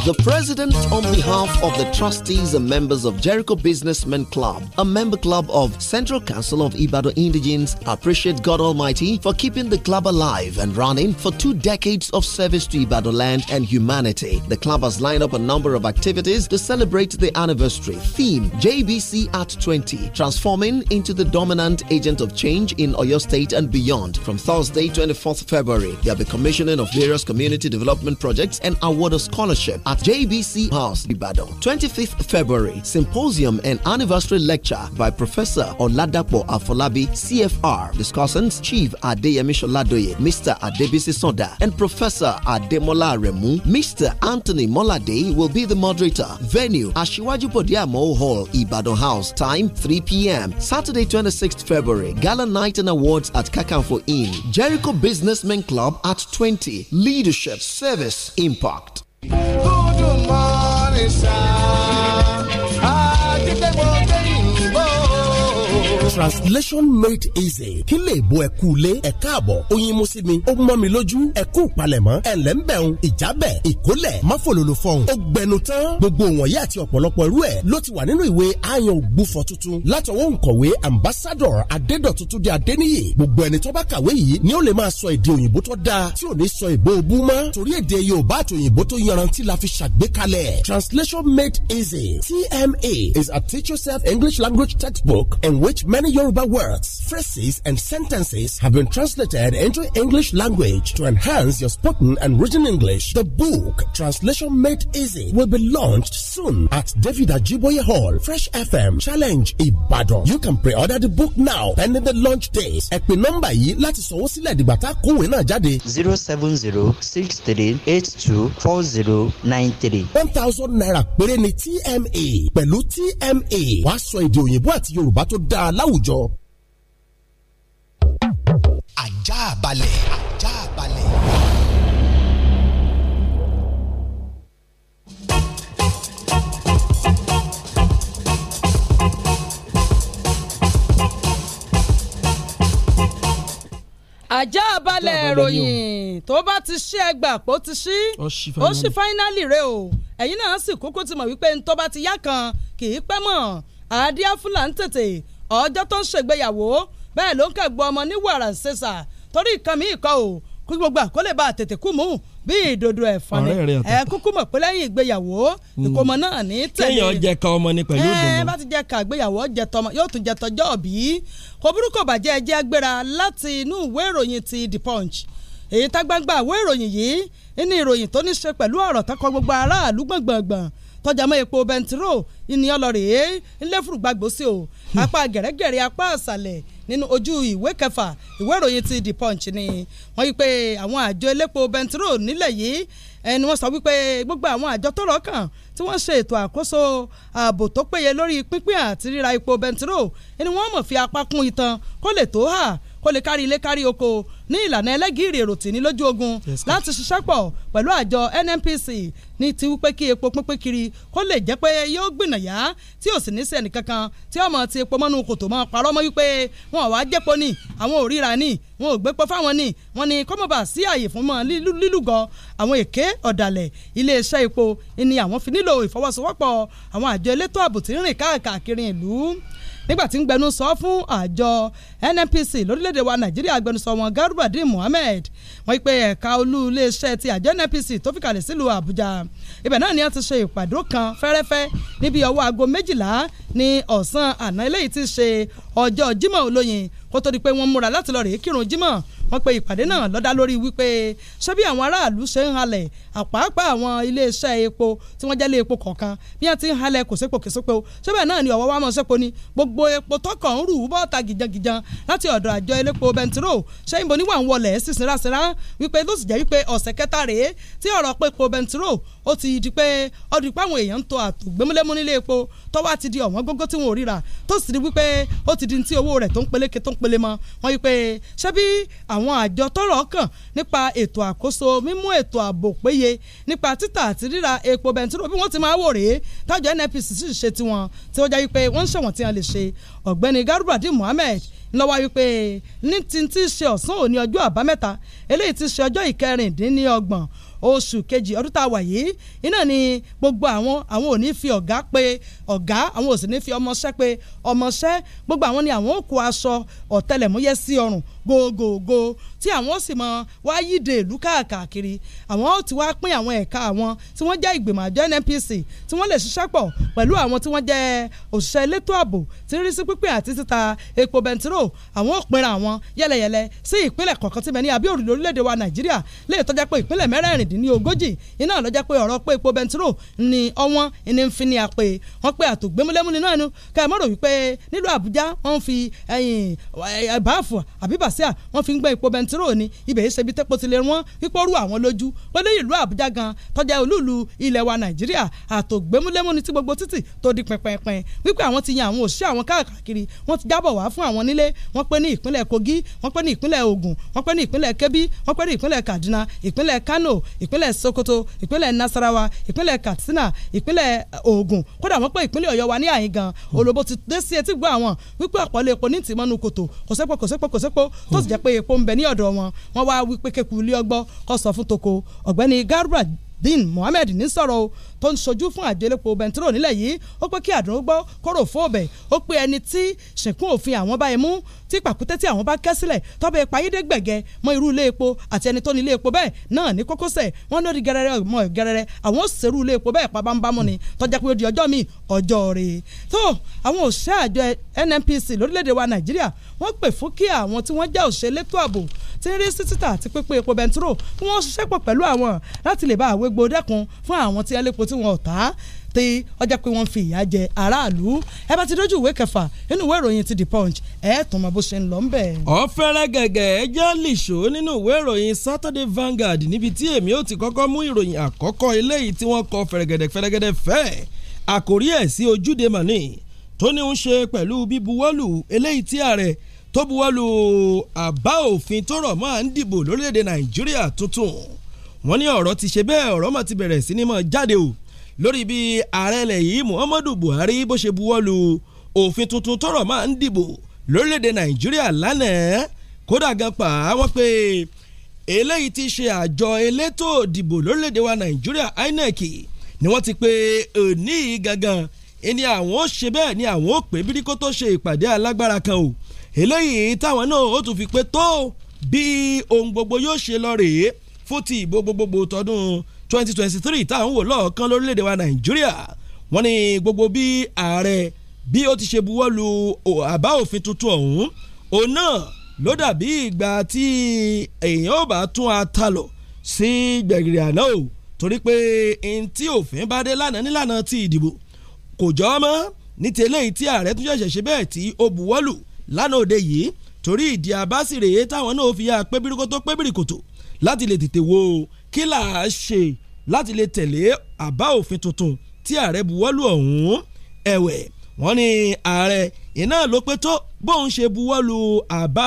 Speaker 7: The president, on behalf of the trustees and members of Jericho Businessmen Club, a member club of Central Council of Ibado Indigenes, appreciate God Almighty for keeping the club alive and running for two decades of service to Ibado land and humanity. The club has lined up a number of activities to celebrate the anniversary. Theme JBC at 20, transforming into the dominant agent of change in Oyo State and beyond. From Thursday, 24th February, there'll be commissioning of various community development projects and award of scholarship at JBC House, Ibadan. 25th February, Symposium and Anniversary Lecture by Professor Oladapo Afolabi, CFR. Discussants Chief Adeyemi Sholadoye, Mr. Adebisi Sonda, and Professor Ademola Remu. Mr. Anthony Molade will be the moderator. Venue, Ashiwaju Podiamo Hall, Ibadan House. Time, 3 p.m. Saturday, 26th February, Gala Night and Awards at Kakanfo Inn. Jericho Businessmen Club at 20. Leadership, Service, Impact
Speaker 3: morning
Speaker 2: sun.
Speaker 4: translation made easy kí lè bo ẹ kú lé ẹ káàbọ̀ oyin mú sí mi ó mọ́ mi lójú ẹ kú palẹ̀mọ́ ẹ lẹ́ ń bẹ̀rùn ìjábẹ̀ ìkólẹ̀ máfòlòlò fọhùn ó gbẹnu tán gbogbo wọ̀nyí àti ọ̀pọ̀lọpọ̀ irú ẹ̀ ló ti wà nínú ìwé ayan ògbúfọ̀ tuntun látọwọ́ nkọ̀wé ambassador adédọ̀tutù di adéníyè gbogbo ẹni tó bá kàwé yìí ni ó lè máa sọ èdè òyìnbó tó dáa tí ò ní sọ ìbò òbú mọ́ torí èdè yorùbá àti òyìnbó tó yanrantí la fi ṣàgbékalẹ̀ translation made easy tma is a teach yourself english language textbook in which many many Yoruba words, phrases, and sentences have been translated into English language to enhance your spoken and written English. The book, Translation Made Easy, will be launched soon at David Ajiboye Hall, Fresh FM, Challenge Ibadan. You can pre-order the book now pending the launch date. Ẹ pè nọ́mbà yìí láti sanwó sílẹ̀ dìgbà tá a kúnwé náà jáde. zero seven zero six three eight two four zero nine three. one thousand naira péré ni TMA pelu TMA waso sọ èdè òyìnbó Yoruba to da dáa láwùjọ.
Speaker 8: ajá balẹ̀ ajá balẹ̀.
Speaker 1: ajá balẹ̀ ìròyìn tó bá ti ṣí ẹgbà pò ti ṣí ó ṣí fáínálì rẹ o ẹ̀yin náà sì kúkú ti mọ̀ wípé ntọ́ bá ti yá kan kì í pẹ́ mọ́ àdíá fúlà tètè ọjọ́ tó ń ṣègbéyàwó bẹ́ẹ̀ ló ń kẹ́gbọ́ ọmọ ní wàrà ṣèṣà torí nǹkan mi ìkọ́ o kí gbogbo àkọlé bá tètè kú mú bí ìdodo ẹ̀fọn ni ẹ kúkú mọ̀ pé lẹ́yìn ìgbéyàwó hmm. ìkómọ náà ní tẹ̀lé kéèyàn jẹ
Speaker 6: ka ọmọ ni pẹ̀lú ìdùnnú ẹ bá
Speaker 1: ti jẹ ka ìgbéyàwó jẹ tọmọ yóò tún jẹ tọjọ́ òbí kò burúkú bàjẹ́ ẹ jẹ́ gbéra láti inú ìwé ìròyìn ti The Punch èyí tá gbangba ìwé ìròyìn yìí ní ìròyìn tó ní ṣe pẹ̀lú ọ̀rọ̀ tọkọ gbogbo aráàlú gbọ̀ngbọ̀ngbọ̀n tọjàmọ́ epo bẹntiró ìníyàn lọ rèé ńlẹ́fùrùgbàgbọ́sí o apá gẹ̀rẹ́gẹ̀rẹ́ apá àṣàlẹ̀ nínú ojú ìwé kẹfà ìwé ìròyìn ti the punch ni wọ́n yí pé àwọn àjọ elépo bẹntiró nílẹ̀ yìí ẹni eh, wọ́n sọ wípé gbogbo àwọn àjọ tọ́rọ̀ kàn tí wọ́n ṣe ètò àkóso ààbò tó péye lórí pínpín àti ríra epo bẹntiró ẹni wọ́n mọ̀ fi apá kún itan kó lè tó hà kó lè kárí ilé kárí oko ní ìlànà ẹlẹ́gìrì èrò tì ní lójú ogun láti ṣiṣẹ́ pọ̀ pẹ̀lú àjọ NNPC ní ti wípé kí epo pínpín kiri kó lè jẹ́ pé yóò gbìnà tí ò sì ní sẹ́ni kankan tí ọmọ ti epo mọ́nu kòtò mọ́ parọ́ mọ́ wípé wọn ò wá jẹ́po ní àwọn ò ríra ní wọn ò gbépo fáwọn ní wọn ni kọ́mọ̀bà sí àyè fún mọ́ lílùgọ́ àwọn èké ọ̀dàlẹ̀ iléeṣẹ́ epo ni àwọn fi nílò ìfọwọ́sowọ́pọ̀ àwọn àjọ elétò ààbò tí rìn káàkiri ìlú nígbà tí ń gbẹnu sọ fún àjọ NNPC lórílẹ̀‐èdè wa Nàìjíríà agbẹnusọ wọn Garubadin Mohammed wọ́n pe ẹ̀ka olú iléeṣẹ́ ti àjọ NNPC tó fìkàlẹ̀ sílùú Àbújá ibẹ̀ náà ni a ti ṣe ìpàdó kan fẹ́rẹ́fẹ́ níbi ọwọ́ aago méjìlá ní ọ̀sán àná eléyìí ti ṣe ọjọ́ Jímọ̀ olóyin kó tó di pé wọ́n múra láti lọ rèé kírun Jímọ̀ wọ́n pe ìpàdé náà lọ́dá lórí wípé ṣé àwọn aráàlú ṣe ń halẹ̀ àpáàpáà àwọn iléeṣẹ́ epo tí wọ́n jẹ́ epo kọ̀ọ̀kan bí wọ́n ti ń halẹ̀ kò sépo kèsépo ṣé bẹ́ẹ̀ náà ni ọ̀wọ́ wa mọ̀ sépo ni gbogbo epo tọkàn ń rù bọ́ọ̀ta gijangijan láti ọ̀dọ̀ àjọ elépo bẹntiró ṣé ibo níwà ń wọlé sísinrasínra wípé tó sì jẹ́ wípé ọ̀sẹ̀ kẹta rèé tí ọ̀rọ̀ pé epo bẹntiró ó ti di pé ọdún pé àwọn èèyàn ń to àtògbémúlémú nílé epo tọ́wọ́ àti di ọ̀wọ́n gógó tí wọn ò ríra tó sì di wípé ó ti di ti owó rẹ̀ tó ń peléke tó ń pele mọ́ wọ́n wípé ṣé bí àwọn àwọn àjọ tọ́rọ̀ kàn nípa ètò àkóso mímú ètò ààbò péye nípa títà àti ríra epo bẹntiró bí wọ́n ti máa wò rèé tájọ NNPC sì ṣe tiwọn tí ó jẹ́ wípé wọ́n ń ṣẹ̀wọ̀n tí wọ́n lè ṣe ọ̀gbẹ́ni Garubadi Muhammed lọ́wọ́ wípé ní ti ti ṣe ọ̀sán òní ọjọ́ àbámẹ́ta eléyìí ti ṣe ọjọ́ ìkẹrìndínlọ́gbọ̀n oṣù kejì ọdún tá a wà yìí iná ni gbogbo àwọn àwọn ò ní fi ọ̀gá pé ọ̀gá àwọn ò sì ní fi ọmọṣẹ́ pé ọmọṣẹ́ gbogbo àwọn ni àwọn ò kó aṣọ ọ̀tẹlẹ̀múyẹ́ sí ọrùn gògògò tí àwọn ó sì mọ wá yíde ìlú káàkiri àwọn ó ti wá pín àwọn ẹ̀ka àwọn tí wọ́n jẹ́ ìgbìmọ̀ àjọ NNPC tí wọ́n lè ṣiṣẹ́ pọ̀ pẹ̀lú àwọn tí wọ́n jẹ́ òṣìṣẹ́ elétò ààbò tí ń rí sí pínpín àti títa epo bẹntiró àwọn ó pinra àwọn yẹlẹyẹlẹ sí ìpínlẹ̀ kọ̀ọ̀kan tí bẹ ní abẹ́ òrùlé orílẹ̀-èdè wa Nàìjíríà lè tọ́jà pé ìpínlẹ̀ mẹ́rẹ̀ẹ̀rìndínlógójì iná lọ́jà pé ọ̀rọ̀ pé epo bẹntiró ni ọwọ́n ni ń fi ní apè wọ́n pé àtògbémúlẹ́mú nínú ẹnu ká ẹ mọ̀rọ̀ wípé nílùú Àbújá wọ́n fi ẹ̀yìn báàfù àbí bàs àlàáfíà wọ́n fi ń gbé ipò bẹntiró ni ibẹ̀ yìí ṣebi tẹ́pọ̀ tilẹ̀ wọ́n wípé ó rú àwọn lójú ó ní ìlú àbújá gan tọ́jà olúùlú ilẹ̀ wa nàìjíríà àtògbémúlémú ni tí gbogbo títì tó di pẹ̀pẹ̀pẹ̀ wípé àwọn ti yan àwọn òṣìṣẹ́ àwọn káàkiri wọ́n ti jábọ̀ wá fún àwọn nílé wọ́n pé ní ìpínlẹ̀ kogi wọ́n pé ní ìpínlẹ̀ ògùn wọ́n pé ní ìpínlẹ̀ kebbi wọ́n pé ní ìpínlẹ̀ kaduna ìpínlẹ̀ kano ìpínlẹ̀ sokoto ìpínlẹ̀ nasarawa ìpínlẹ̀ katsina ìpínlẹ̀ eh, ògùn kódà wọ́n pé ìpínlẹ̀ ọ̀yọ́ wa ní àyín gan olóbó ti dé sí etí gbọ́ àwọn wípé ọ̀pọ̀ lè pọ̀ ní tìmọ́nu kòtò kòsẹ́pọ̀ kòsẹ́pọ̀ kòsẹ́pọ̀ tó sì jẹ́ pé epo ń bẹ ní ọ̀dọ̀ wọn wọ́n wá wí pé kéku ilé ọgbọ́ kó sọ fún toko ọ̀gbẹ́ni Garba Din Mohammed ní sọ̀rọ̀ o tó ń sojú fún àjọ elépo bẹntiró nílẹ̀ yìí ó pé kí àdúró gbọ́ kóró fóòbẹ ó pé ẹni tí ṣìnkún òfin àwọn báyìí mú tí pàkúté tí àwọn bá kẹ́ sílẹ̀ tọ́bẹ̀ ìpayédé gbẹ̀gẹ́ mọ irú ilé epo àti ẹni tó ní ilé epo bẹ́ẹ̀ náà ní kókósẹ̀ wọn lórí gẹrẹrẹ mọ gẹrẹrẹ àwọn òṣèrú ilé epo bẹ́ẹ̀ pabambamu ni tọ́jà pé ó di ọjọ́ mi ọjọ́ rẹ̀ tó àwọn òṣìṣẹ́ àjọ NNPC lórílẹ̀ wa Nàìjíríà wọ́n pè fún kí àwọn tí wọ́n jẹ́ òṣèlú ètò ààbò tí ń rí sí àti pípé epo bẹntiró kí wọ́n ṣiṣẹ́ pọ̀ pẹ̀lú àwọn láti lè bá àwégbò dẹ́kun fún àwọn tí tí wọn ò ta tí ó pé wọ́n fi ìyà jẹ aráàlú ẹ bá ti dójú ìwé kẹfà nínú ìwé ìròyìn ti the punch ẹ tún mọ bó ṣe ń lọ ńbẹ.
Speaker 6: ọ̀fẹ́rẹ́ gẹ̀gẹ̀ ẹ jẹ́ lìṣó nínú ìwé ìròyìn Saturday Vanguard níbi tí èmi ó ti kọ́kọ́ mú ìròyìn àkọ́kọ́ eléyìí tí wọ́n kọ fẹ̀rẹ̀gẹ̀dẹ̀ fẹ̀rẹ̀gẹ̀dẹ̀ fẹ́ àkórí ẹ̀ sí ojúde mọ̀nì tó ní ń ṣe pẹ̀lú bíbuwọ́lù eléyìí tí ààrẹ tó buwọ́lù àbá òfin tó rọ̀ mọ́ à lórí bí ààrẹ ilẹ̀ yìí Muhammadu Buhari bó ṣe buwọ́ lu òfin tuntun tọrọ máa ń dìbò lórílẹ̀‐èdè Nàìjíríà lánàá kódà gan pa wọ́n pé eléyìí ti ṣe àjọ elétò ìdìbò lórílẹ̀‐èdè wa Nàìjíríà INEC ni wọ́n ti pé òní yìí gangan ni àwọn ó ṣe bẹ́ẹ̀ ni àwọn ó pè bírí kó tó ṣe ìpàdé alágbára kan o eléyìí táwọn náà ó tún fi pé tó bí ohun gbogbo yóò ṣe lọ rèé fún ti ìbò gbogbogbò tọdún twenty twenty three tá à ń wò lọ́ọ̀kan lórílẹ̀‐èdè wa nàìjíríà wọ́n ní gbogbo bí ààrẹ bí ó ti ṣe buwọ́ lu àbá òfin tuntun ọ̀hún òun náà ló dàbí ìgbà tí èèyàn ò bá tún ata lọ sí gbẹ̀gìrì àná o torí pé n tí òfin bá dé lánàá nílànà ti ìdìbò kò jọ ọ́ mọ́ ní ti eléyìí tí ààrẹ tún ṣẹ̀ṣẹ̀ ṣe bẹ́ẹ̀ tí ó buwọ́ lù lánàá òde yìí torí ìdí abásìrèé táwọn náà fi yá pébírí kótó pébírí kòtò láti lè tètè wo kí là ṣe láti lè tẹ̀lé àbá òfin tuntun tí ààrẹ buwọ́lù ọ̀hún ẹ̀wẹ̀ wọ́n ní ààrẹ iná ló pé tó bóun ṣe buwọ́lù àbá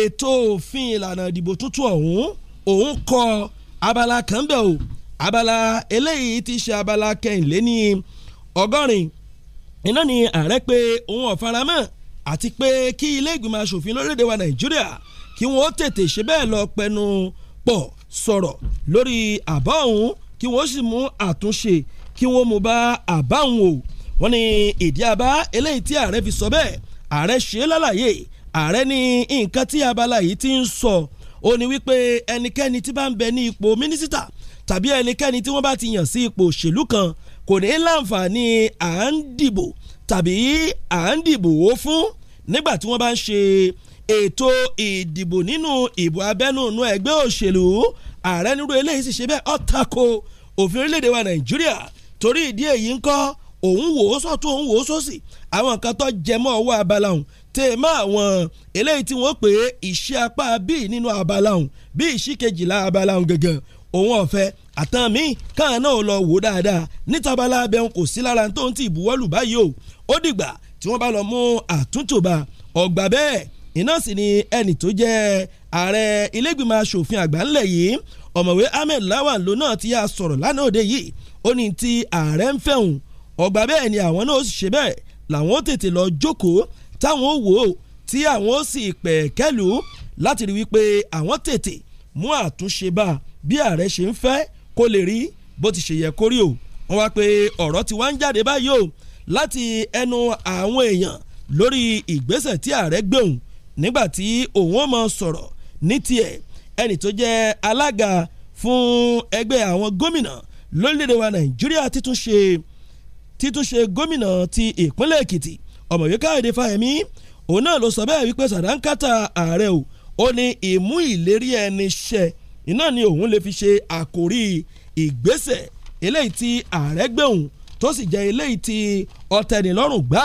Speaker 6: ètò òfin ìlànà ìdìbò tuntun ọ̀hún òun kọ abala kan bẹ́ẹ̀ o abala eléyìí ti ṣe abala kẹ́hìnléní ọgọ́rin iná ni ààrẹ pé òun ọ̀faramọ́ àti pé kí ilé ìgbìmọ̀ asòfin lórílẹ̀‐èdè wa nàìjíríà kí wọ́n tètè ṣe bẹ́ẹ̀ lọ pẹnu pọ̀ sọ̀rọ̀ lórí àbá òun kí wọ́n sì mú àtúnṣe kí wọ́n mú bá àbá òun o wọ́n ní ìdí abá eléyìí tí ààrẹ fi sọ bẹ́ẹ̀ ààrẹ ṣe é lálàyé ààrẹ ní nǹkan tí abala yìí ti ń sọ ó ní wípé ẹnikẹ́ni tí bá ń bẹ ní ipò mínísítà tàbí ẹnikẹ́ni tí wọ́n bá ti yàn sí ipò òṣèlú kan kò ní láǹfààní à ń dìbò tàbí à ń dìbò ó fún nígbà tí wọ́n bá ń ṣe ètò ìdìbò nínú ìbò abẹ́nú inú ẹgbẹ́ òṣèlú ààrẹ nírú eléyìí sì ṣe bẹ́ẹ̀ ó tako òfin orílẹ̀-èdè wa nàìjíríà torí ìdí èyí ń kọ́ òun wò ó sọ́tún òun wò ó sósì àwọn nǹkan tó jẹmọ́ ọwọ́ abala ọ̀hún tèmọ́ àwọn eléyìí tí wọ́n pè é iṣẹ́ apá bíi nínú abala ọ̀hún bíi iṣẹ́ kejìlá abala ọ̀hún gẹ́gẹ́ òun ọ̀fẹ́ àtàn mí káà náà lọ wò dáadáa níta bala abẹ́hùn kò sí lára tó ń ti ìbuwọ́lù báyìí o ó dìgbà tí wọ́n bá lọ mú àtúntò bá ọgbà bẹ́ẹ̀ iná sì ni ẹnì tó jẹ́ ààrẹ ilégbìmọ̀ asòfin àgbà ńlẹ̀ yìí ọ̀mọ̀wé Ahmed Lawan ló náà ti yà sọ̀rọ̀ lánàá òde yìí ó ní ti ààrẹ ń fẹ̀hùn ọgbà bẹ́ẹ̀ ni àwọn náà ó sì ṣe bẹ́ẹ̀ làwọn ó tètè lọ jókòó táwọn ó wò ó tí àwọn ó sì pẹ̀kẹ́lù láti rí wípé àwọn tètè mú àtúnṣe bá bí ààrẹ ṣe ń fẹ́ kó lè rí bó ti ṣe yẹ kó rí o wọ́n wá pé ọ̀rọ̀ ti wá ń jáde báyìí o láti ẹnu àwọn èèyàn lórí ìgbésẹ̀ tí ààrẹ gbé nígbà tí òun ó mọ sọ̀rọ̀ ní tiẹ̀ ẹnì tó jẹ́ alága fún ẹgbẹ́ àwọn gómìnà lórílẹ̀‐èdè wa nàìjíríà títúnṣe títúnṣe gómìnà ti ìpínlẹ̀ èkìtì ọ̀mọ̀wé káyọ̀dé fáyemí òun náà ló sọ bẹ́ẹ̀ wípé sàdánkátà ààrẹ o ó ní ìmú ìlérí ẹni ṣẹ iná ni òun lè fi ṣe àkórí ìgbésẹ̀ eléyìí tí ààrẹ gbẹ̀hùn tó sì jẹ́ eléyìí tí ọ̀tẹ̀nilọ́rùn gbà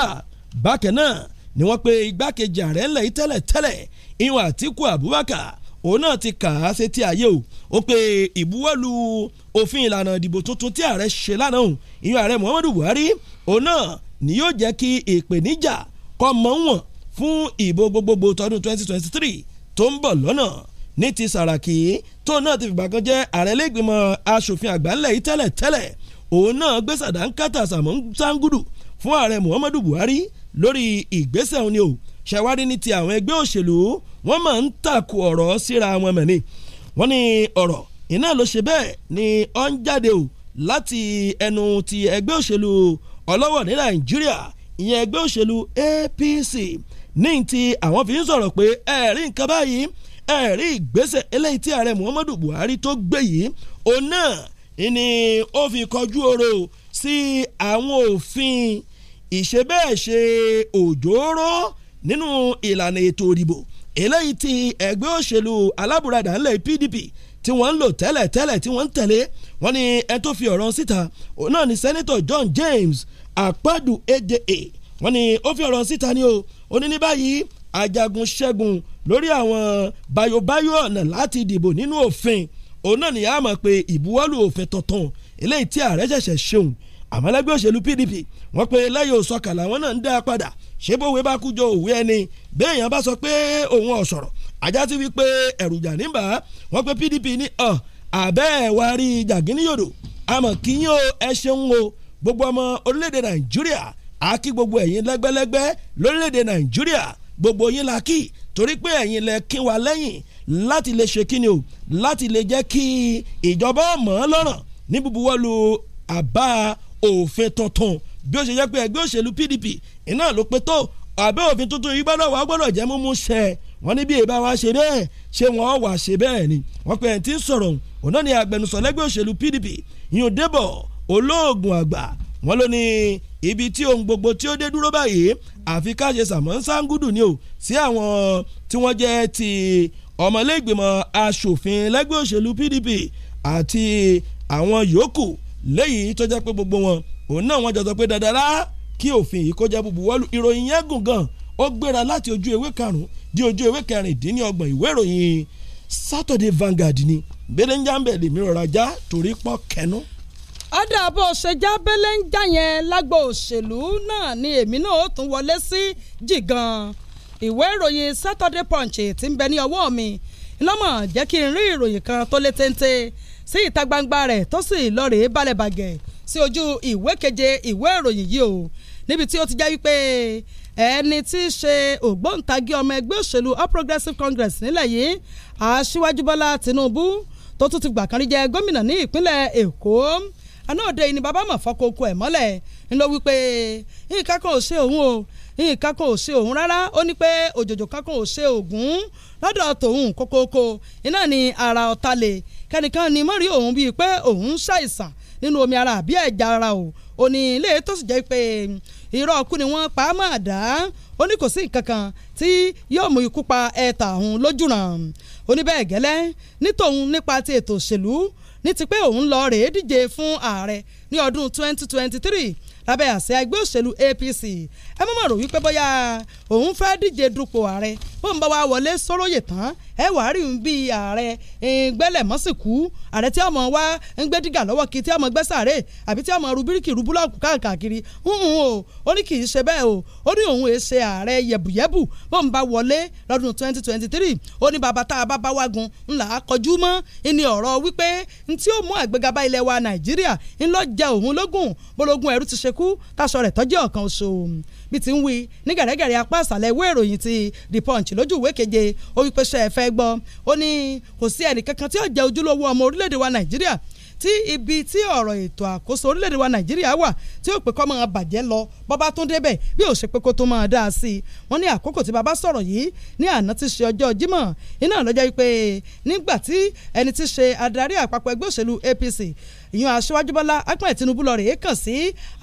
Speaker 6: bákẹ́ náà ni wọ́n pe igbákejì ààrẹ ńlẹ̀ yìí tẹ́lẹ̀ tẹ́lẹ̀ ìwọ̀n Àtíkù Abubakar òun náà ti kà á sétí ayé o ó pe ìbuwọ́lù òfin ìlànà ìdìbò tuntun tí ààrẹ ṣe lánàá o ìyẹn ààrẹ Muhammadu Buhari òun náà ni yóò jẹ́ kí ìpèníjà kọ́ mọ́ wọn fún ìbò gbogbogbò tọdún 2023 tó ń bọ̀ lọ́nà ní ti Sàràkí tó náà ti fìgbà kan jẹ́ ààrẹ lẹ́gbìmọ̀ asòfin àgbà ńlẹ̀ yìí tẹ́lẹ̀ tẹ́lẹ̀ òun náà gbé sàdánkátà sàmọ́ sangudu fún ààrẹ Muhammadu Buhari lórí ìgbésẹ̀ òun o ṣàwárí ní ti àwọn ẹgbẹ́ òṣèlú wọ́n máa ń tàkù ọ̀rọ̀ síra wọn mọ̀ ni wọ́n ní ọ̀rọ̀ iná ló ṣe bẹ́ẹ̀ ni ó ń jáde o láti ẹnu ti ẹgbẹ́ òṣèlú ọlọ́wọ̀ ní Nàìjíríà ìyẹn ẹgbẹ́ òṣèlú APC ní ti àwọn fi ń sọ̀rọ̀ pé ẹ̀rí nǹkan báyìí ẹ̀rí ìgbésẹ̀ eléyìí tí ààrẹ Muhammadu Buhari tó gbé yìí òun náà ni ó fi kọjú ọ̀rọ̀ sí àwọn òfin ìṣebẹ́ẹ̀ṣe òjòòró nínú ìlànà ètò òdìbò eléyìí ti ẹgbẹ́ òṣèlú alábùradà ńlẹ̀ PDP tí wọ́n ń lò tẹ́lẹ̀ tẹ́lẹ̀ tí wọ́n ń tẹ̀lé wọ́n ní ẹ tó fi ọ̀rọ̀ síta òun náà ni sẹ́nitọ̀ John James Akpadu Ejeagha wọ́n ní ó fi ọ̀rọ̀ síta ni o ó ní ní báyìí ajagun ṣẹ́gun lórí àwọn bayobayo ọ̀nà láti dìbò nínú òfin òun náà ni a mọ̀ pé ìbuwọ́lù òfin tuntun eléyìí tí ààrẹ ṣẹ̀ṣẹ̀ ṣeun àmọ́ ẹlẹ́gbẹ́ òṣèlú PDP wọ́n pe lẹ́yìn òsọkà làwọn náà ń dá a padà ṣé bówe bá kú jọ òwe ẹni béèyàn bá sọ pé òun ọ̀sọ̀rọ̀ ajá ti wí pé ẹ̀rùjà níbà wọ́n pe PDP ní ọ̀ àbẹ́ ẹ̀wà rí jàgínníyòdò àmọ́ kí yín o ẹ ṣeun o gbogbo ọmọ orílẹ̀-èdè Nàìjíríà àkí gbogbo ẹ̀yin lẹ́gbẹ́lẹ́gbẹ́ lórílẹ̀-èdè Nàìjíríà gbogbo yín la kí torí pé ẹ̀yin lẹ kí wa lẹ́yìn láti lè ṣe kíni o láti lè jẹ́ kí ìjọba mọ̀ ọ́n lọ́rọ̀ ní búburú wọ́lu àbá òfin tuntun bí ó ṣe jẹ́ pé ẹgbẹ́ òṣèlú PDP iná ló pe tó àbẹ́ òfin tuntun yìí gbọ́dọ̀ wá gbọ́dọ̀ jẹ́ mímú ṣẹ wọ́n ní bí èyí bá wá ṣe bẹ́ẹ̀ ṣé wọ́n wà ṣe bẹ́ẹ̀ ni wọ́n pe ẹ̀ tí ń sọ̀rọ̀ òun náà ni agbẹnusọ lẹ́gbẹ́ òṣèlú PDP yìnyín débọ̀ olóògùn àgbà wọ́n ló ní ibi tí ohun gbogbo tí ó dé dúró báyìí àfi ká ṣe sàmọ́ sangudu ni o sí àwọn tí wọ́n jẹ́ ti ọmọlẹ́gbẹ̀mọ asòfin lẹ́gbẹ́ òṣèlú PDP àti àwọn yòókù lẹ́yìn tó jẹ́ pé gbogbo wọn òun náà wọ́n jọ sọ pé dandan rárá kí òfin yìí kó jẹ́ bùbùwọ́lù ìròyìn yẹn gùn gan ó gbéra láti ojú ewé karùn-ún di ojú ewé kẹrìndínlọ́gbọ̀n ìwé ìròyìn Saturday Vanguard ni belenjambele mi rọra já torí pọ́n kẹnu
Speaker 1: ọ̀dà bó ṣe já bẹ́lẹ́ ń já yẹn lágbo òṣèlú náà ni èmi náà ó tún wọlé sí jìgan ìwé ìròyìn Saturday Punch ti ń bẹ ní ọwọ́ mi lọ́mọ jẹ́ kí n rí ìròyìn kan tó lé téńté sí ìta gbangba rẹ̀ tó sì lọ́ọ̀rẹ́ balẹ̀bàgẹ̀ sí ojú ìwé keje ìwé ìròyìn yìí o níbi tí ó ti jẹ́ wípé ẹni tí í ṣe ògbóǹtagì ọmọ ẹgbẹ́ òṣèlú All Progressives Congress nílẹ̀ yìí Aṣíwájú Bọ́lá Tinubu tó tún ti gbà kan rí jẹ gómìnà ní ìpínlẹ̀ Èkó anáòde ni bàbá mọ̀ fọkọ̀ọ̀kọ̀ ẹ̀ mọ́lẹ̀ ńlọ wípé nǹkan kan ò ṣe òun o nǹkan kan ò ṣe òun rárá ó ní pé òjòjò kan kan ò ṣe ògún lọ́dọ̀ tòun kókókó iná ni ara ọ̀tá kẹ́nìkan ni mọ́rí òun bíi pé òun ń ṣàìsàn nínú omi ara àbí ẹ̀já ara o ò ilé tó sì jẹ́ pé irọ́ ọkú ni wọ́n pa á mọ̀ dá ó ní kò sí nǹkan kan tí yóò mú ikú pa ẹ̀ta òun lójúràn ó ní bẹ́ẹ̀ gẹ́lẹ́ ní tòun nípa ti ètò òṣèlú ní ti pé òun lọ rèé díje fún ààrẹ ní ọdún 2023 lábẹ́ àṣẹ ẹgbẹ́ òṣèlú APC ẹ mọ̀ rò wípé bóyá òun fẹ́ díje dupò ààrẹ bó ń bá wa wọlé sóróyè tán ẹ wà á rí n bí ààrẹ gbẹ́lẹ̀ mọ́sìkú ààrẹ tí ọmọ wa ń gbé dígà lọ́wọ́ kí tí ọmọ gbẹ́sàárẹ̀ àbí tí ọmọ rubiriki rubulọ́ọ̀kù káàkiri hùhùn o ó ní kì í ṣe bẹ́ẹ̀ o ó ní òun èé ṣe ààrẹ yẹ̀bùyẹ̀bù bó ń bá wọlé lọ́dún 2023 ó ní bàbá tá a bá bá wagun ńlá kọjú mọ́ ìní ọ̀rọ̀ wípé n tí ó mú àgbéga bá ilẹ̀ wa Nàìjíríà ńlọ jẹ òun lógún bólógún ẹrú ti ṣekú táṣọ tọ́jú ọ̀kan oṣù bí ti ń wí ní gẹ̀rẹ́gẹ̀rẹ́ apá àṣàlẹ̀ ìwé ìròyìn ti the punch lójú ìwé keje ó wípé ṣe ẹ̀fẹ́ gbọ́ ó ní kò sí ẹnìkankan tí ó jẹ́ ojúlówó ọmọ orílẹ̀-èdè wa nàìjíríà tí ibi tí ọ̀rọ̀ ètò àkóso orílẹ̀-èdè wa nàìjíríà wà tí ó pè kọ́ máa bàjẹ́ lọ bọ́bá tó débẹ̀ bí ó ṣe pé kó tó máa dá a sí i wọ́n ní àkókò tí bàbá sọ̀rọ̀ yìí ní àná ti ṣe ọjọ́ Jímọ̀ iná lọ́jọ́ yìí pé nígbà tí ẹni tí ṣe adarí àpapọ̀ ẹgbẹ́ òṣèlú APC ìyọ̀n aṣíwájú bọ́lá ahmed tinubu lọ́ọ̀rẹ́ kàn sí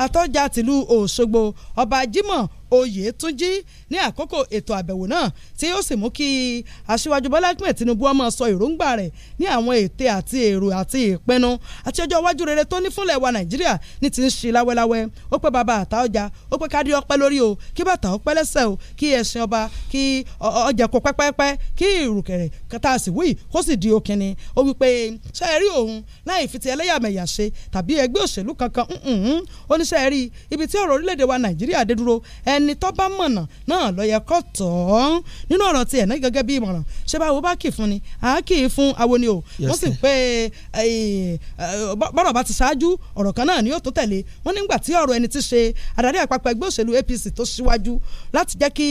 Speaker 1: atọ́jà tìlú òṣogbo ọba jimoh Oyètúnjí ní àkókò ètò àbẹ̀wò náà tí ó sì mú kí aṣíwájú Bọ́lá Ahmed Tinubu ọmọ sọ èròǹgbà rẹ̀ ní àwọn ète àti èrò àti ìpinnu àti ọjọ́ iwájú rere tó ní fúnlẹ̀ wa Nàìjíríà ní ti ń ṣe láwẹ́láwẹ́ ó pé bàbá àtà ọjà ó pé kádìí ọpẹ́ lórí o kí bàtà ọpẹ́ lẹ́sẹ̀ o kí ẹṣin ọba kí ọjà kó pẹ́pẹ́pẹ́ kí ìrùkẹ̀rẹ̀ kẹta sì wí kó sì di okinni ó wí pé ṣe é rí òun láì fi ti ẹlẹ́yàmẹ̀yà ṣe tàbí ẹgbẹ́ òṣèlú kankan ó ní ṣe é rí ibi tí ọ̀rọ̀ orílẹ̀-èdè wa Nàìjíríà dé dúró ẹ ẹni tó bá mọ̀nà náà ló yẹ kó tọ̀ ọ́ nínú ọ̀rọ̀ tiẹ̀ náà gẹ́gẹ́ bí ìmọ̀ràn ṣé báwo bá kì í fún ni à á kì í fún awo ni o wọ́n sì pé bọ́rọ̀ bá ti ṣáájú ọ̀rọ̀ kan náà ni yóò tó tẹ̀lé wọ́n nígbà tí ọ̀rọ̀ ẹni ti ṣe adarí àpapọ̀ ẹgbẹ́ òṣèlú APC tó síwájú láti jẹ́ kí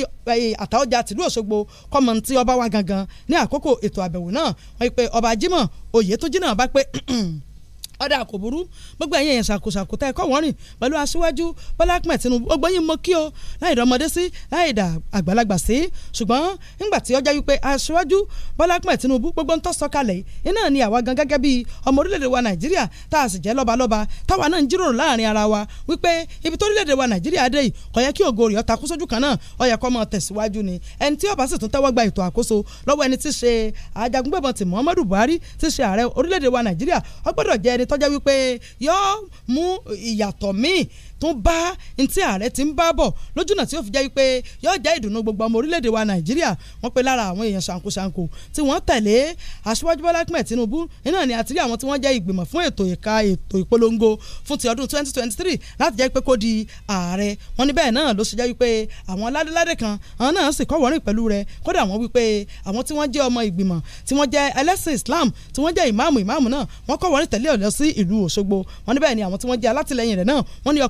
Speaker 1: àtàwọ̀jà tìlú Òṣogbo kọ́mọ̀ntì ọba wa gangan ní àkókò ètò àbẹ̀wò náà wọ́n pe ọba Jimoh Oyètọ́jí bá pé ọ̀dà kò burú gbogbo ẹ̀yin èèyàn ṣàkóṣàkó tá ẹ̀kọ́ wọn rìn pẹ̀lú aṣíwájú Bọ́lá Ahmed Tinubu gbogbo yín mọ kí o láì rọmọdé sí láì dà àgbàlagbà sí ṣùgbọ́n nígbà tí ó jẹ́ wípé aṣíwájú Bọ́lá Ahmed Tinubu gbogbo ń tọ́ sọ kalẹ̀ iná ni àwa gan gẹ́gẹ́ bíi ọmọ orílẹ̀-èdè wa Nàìjíríà tá a sì jẹ́ lọ́balọ́ba táwa náà ń jíròrò láàrin ara wa wípé ibi tó orílẹ̀-èdè wa Nàìjíríà dé yìí kò yẹ kí ògo rẹ̀ ọ̀tà kú sójú kan náà ó yẹ kó tẹ̀síwájú ni ẹni tí ó sì tún tẹ́wọ́ gba ètò àkóso lọ́wọ́ ẹni tí ṣe ajagungbẹ̀bọ̀n ti Muhammadu Buhari ti ṣe ààrẹ orílẹ̀-èdè wa Nàìjíríà ó jẹ́ ẹni t tọ́jẹ́ wípé yóò mú ìyàtọ̀ míì tún bá ntí ààrẹ ti ń bá bọ̀ lójúnà tí ó fi jẹ́ pé yóò jẹ́ ìdùnnú gbogbo ọmọ orílẹ̀-èdè wa nàìjíríà wọ́n pe lára àwọn èèyàn ṣàǹkóṣàǹkó tí wọ́n tẹ̀lé aṣíwájú bọ́lá ahmed tinubu iná ni àtìrí àwọn tí wọ́n jẹ́ ìgbìmọ̀ fún ètò ìka ètò ìpolongo fún ti ọdún 2023 láti jẹ́ pé kó di ààrẹ wọ́n ní bẹ́ẹ̀ náà ló ṣe jẹ́ wípé àwọn ládéládé kan àwọn náà sì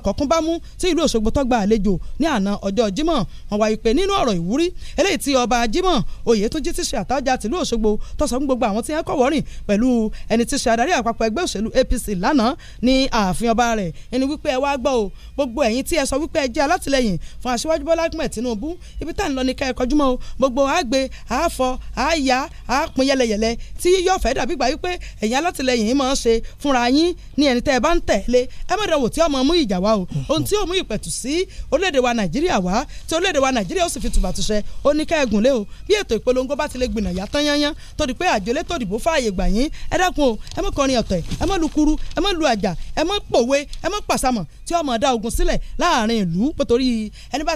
Speaker 1: kọ́ bámúbámú tí ìlú Òṣogbo tó àlejò ní àná ọjọ́ Jímọ̀ wọ́n wá ìpè nínú ọ̀rọ̀ ìwúrí eléyìí tí ọba Jímọ̀ Oyètúnjí ti ṣe àtàjà tìlú Òṣogbo tó gbogbo àwọn tí wọ́n kọ̀ wọ́rìn pẹ̀lú ẹni tí ṣe adarí àpapọ̀ ẹgbẹ́ òṣèlú APC lánàá ní ààfin ọba rẹ̀ ẹni wípé ẹ wá gbọ́ o gbogbo ẹ̀yin tí ẹ sọ wípé ẹ jẹ́ alátìlẹyìn fún aṣíwájú Bọ́lá Ahmed Tinubu ibi tá à ń lọ ní ká o gbogbo àgbè àáfọ àáyá àápin yẹlẹyẹlẹ tí yóò fẹ́ dàbí gbà wípé ẹ̀yin alátìlẹyìn máa ń ṣe fúnra yín ní ẹni tẹ́ ẹ bá ń tẹ̀lé ẹ má dánwò tí ọmọ mú ìjà wá o ohun tí ó mú ìpẹ̀tù sí orílẹ̀-èdè wa nàìjíríà wá tí orílẹ̀-èdè wa nàìjíríà ó sì fi tùbàtùṣẹ ó ní ká ẹ̀gùn lé o bí ètò ìpolongo bá ti gbìnà yá tán yányán pé àjọlé tó dìbò fààyè gbà yín ẹ dákun o ẹ má kọrin ọ̀tẹ̀ ẹ má lukuru ẹ má lu àjà ẹ má pòwe ẹ má pàṣàmọ̀ tí ọmọ dá ogun sílẹ̀ láàrin ìlú pòtórí ẹni bá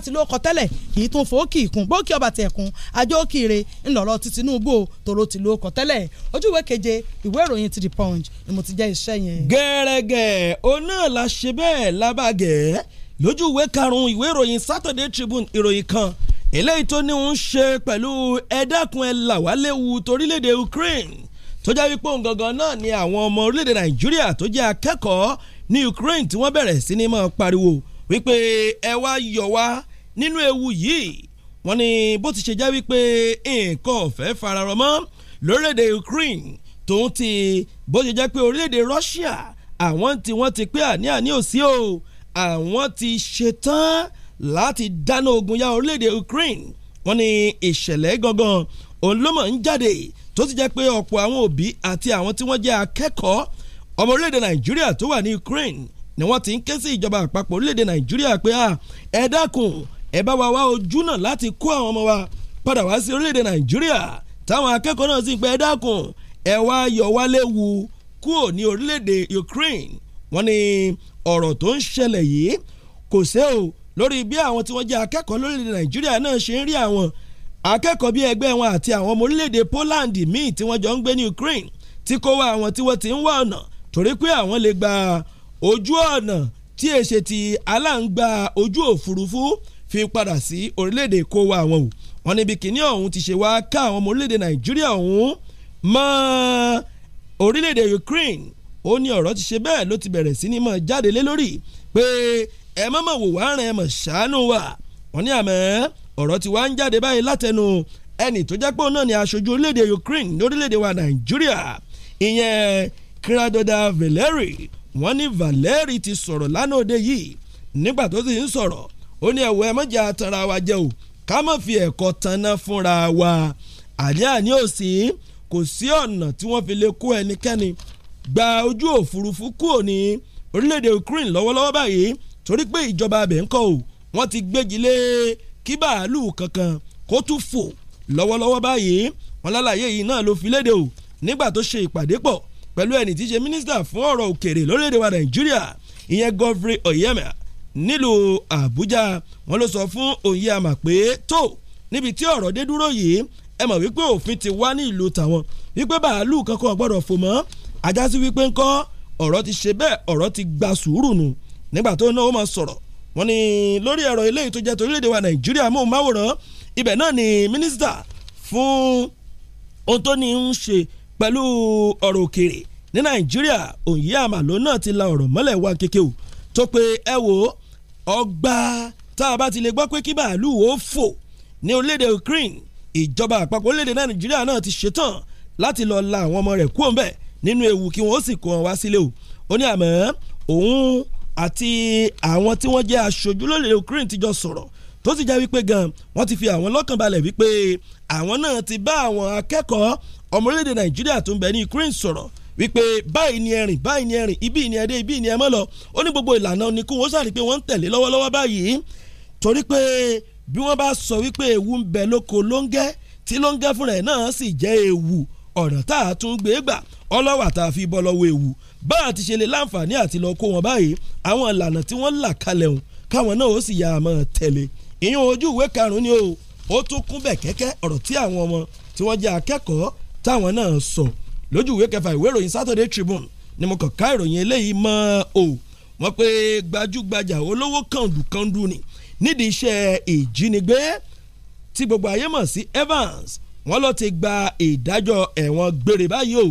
Speaker 6: la ṣe gẹ̀ẹ́ lójú ìwé karùn-ún ìwé ìròyìn Saturday Tribune ìròyìn kan eléyìí tó ní ń ṣe pẹ̀lú ẹ dákun ẹ là wá léwu torílẹ̀-èdè Ukraine tó jẹ́ wípé òun gangan náà ni àwọn ọmọ orílẹ̀-èdè Nàìjíríà tó jẹ́ akẹ́kọ̀ọ́ ní Ukraine tí wọ́n bẹ̀rẹ̀ sí ni máa pariwo wípé ẹ wá yọ wá nínú ewu yìí wọ́n ní bó ti ṣe jẹ́ wípé nǹkan ọ̀fẹ́ fararọ mọ́ lórílẹ̀-èdè Ukraine tòun ti bó ṣe jẹ́ pé orílẹ̀-èdè Russia àwọn tí wọ́n ti pé àní àní òsí o àwọn ti ṣetán láti dáná ogun ya orílẹ̀-èdè Ukraine wọ́n ní ìṣẹ̀lẹ̀ gangan òun ló mọ̀ ń jáde tó ti jẹ́ pé ọ̀pọ̀ àwọn òbí àti àwọn tí wọ́n jẹ́ akẹ́kọ̀ọ́ ọmọ orílẹ̀-èdè Nàìjíríà tó wà ní Ukraine ni wọ́n ti ń ké sí ìjọba àpapọ̀ orílẹ̀-èdè Nàìjíríà pé ẹ dákun ẹ bá wa wá ojú náà láti kó àwọn ọmọ wa padà wá sí orílẹ̀-èdè Nàìjíríà táwọn akẹ́kọ̀ọ́ náà sì pé ẹ dákun ẹ wá yọ wá léwu kúrò ní orílẹ̀-èdè Ukraine wọ́n ní ọ̀rọ̀ tó ń ṣẹlẹ̀ yìí kò sé o lórí bí àwọn tí wọ́n jẹ́ akẹ́kọ̀ọ́ lórílẹ̀ nàìjíríà náà ṣe ń rí àwọn akẹ́kọ̀ọ́ bíi ẹgbẹ́ wọn àti àwọn ọmọ orílẹ̀-èdè Poland míì tí wọ́n jọ ń gbé ní Ukraine tí kó wá àwọn tí wọ́n ti ń wá ọ̀nà torí pé àwọn lè gba ojú ọ̀nà tí èṣe ti aláǹgbá ojú òfurufú fi padà sí orílẹ̀-èdè kó wá àwọn o wọn níbi kíní ọ̀hún ti ṣe wá ká àwọn ọmọ orílẹ̀-èdè Nàìjíríà ọ̀hún mọ́ orílẹ̀-èdè Ukraine ó ní ọ̀rọ̀ ti ṣe bẹ́ẹ̀ ló ti bẹ̀rẹ̀ sí ní mọ̀ jáde lé lórí pé ẹ mọ̀mọ̀ wò wá rìn ẹ mọ̀ ṣàánú wa wọ́n ní àmọ́ ọ̀rọ̀ ti wá ń jáde báyìí látẹnu ẹnì tó jẹ́ pé òun náà ni aṣojú orílẹ̀-èdè Ukraine ní orílẹ̀-èdè wa Nàìjíríà ìyẹn Kradoda Valeri wọ́n ní Valeri ti sọ̀rọ̀ lánàá òde yìí nígbà tó ti ń sọ̀rọ̀ ó ní ẹ̀wọ̀ ẹ má jẹ́ atanra wa jẹ́ o ká má fi ẹ̀kọ́ tanná fúnra wa àní àní òsì kò sí ọ̀nà tí wọ́n fi lè kó ẹnikẹ́ni gba ojú òfurufú kúrò ní orílẹ̀-èdè Ukraine lọ́wọ́lọ́wọ́ báyìí torí pé ìjọba abẹ̀ ń kọ́ ò wọ́n ti gbégi lé kí bàálù kankan kó tún fò lọ́wọ́lọ́wọ́ báyìí wọ́n lálàyé yìí náà ló fi léde o nígbà tó ṣe ìpàdé pọ̀ pẹ̀lú ẹni tí í ṣe mínísítà fún ọ̀rọ̀ òkèrè lórílẹ̀‐èdè wa Nàìjíríà ìyẹn Godfrey Oyema nílùú Àbújá wọ́n ló sọ fún Oyema pé tó níbi tí ọ̀rọ̀ dé dúró yìí ẹ mọ̀ wípé òfin ti wá ní ìlú tàwọn wípé bàálù kankan gbọ́dọ̀ fò mọ́ ajá sí wípé ńkọ́ ọ̀rọ̀ ti ṣe bẹ́ẹ̀ ọ̀rọ̀ ti gba sùúrù nù nígbà tó náà ó máa sọ̀rọ̀ wọ́n ní lórí ẹ̀rọ eléyìí tó jẹ́ torílẹ̀-èdè wa nàìjíríà móhùnmáwòrán ibẹ̀ náà ni mínísítà fún ohun tó ní ń ṣe pẹ̀lú ọ̀rọ̀ òkèèrè ní nàìjíríà òyìn àmàlò náà ti la ọ̀rọ̀ mọ́lẹ̀ wá kéke o tó pé ẹ wo ọgbà tá a bá ti lè gbọ́ pé kí bàálù ó fò ní orílẹ̀-èdè ukraine ìjọba àpapọ̀ orílẹ̀-èdè nàìjíríà náà ti ṣetán láti lọ la àwọn ọmọ rẹ̀ kúòmbẹ̀ nínú ewu kí wọ́n sì kó wọn wá sílé o ó ní àmọ́ òun àti àwọn tí wọ́n jẹ́ aṣojú lóde Ukraine ti jọ sọ̀rọ̀ tó sì jẹ́ wípé gan wọ́n ti fi àwọn lọ́kàn balẹ̀ wípé àwọn náà ti bá àwọn akẹ́kọ̀ọ́ ọmọ orílẹ̀-èdè Nàìjíríà tó ń bẹ ní Ukraine sọ̀rọ̀ wípé báyìí ni ẹrìn báyìí ni ẹrìn ibi ni ẹdẹ ibi ni ẹ mọ́ lọ ó ní gbogbo ìlànà oníkú wọ́n sàrí pé wọ́n ń tẹ̀lé lọ́wọ́lọ́wọ́ báyìí torí pé bí wọ́n bá sọ wípé ewu ń bẹ lóko lóńgẹ́ tí lóńgẹ́ fúnra ẹ̀ náà sì jẹ́ ewu ọ̀nà tá a tún gbé gbà ọlọ́wà tá a fi bọ́ lọ́wọ́ ewu bá a ti ṣe lè láǹfààní àti lọ kó wọn báyìí àwọn ìlànà tí wọ́n là kalẹ̀ hùn káwọn náà ó sì yà á máa tẹ̀lé ìyẹn ojú ìwé karùn-ún ni o ó tún kún bẹ̀ kẹ́kẹ́ ọ̀rọ̀ tí àwọn ọmọ tí wọ́n jẹ́ akẹ́kọ̀ọ́ táwọn náà sọ lójú ìwé kẹfà ìwé ìròyìn Saturday Tribune ni mo kàn ká ìròyìn eléyìí mọ́ o wọ́n pé gbajúgbajà olówó kàndùkàndù ni nídìí iṣẹ́ ìjínigbé tí gbogbo ayé mọ̀ sí Evans wọ́n ló ti gba ìdájọ́ ẹ̀wọ̀n gbére báyìí o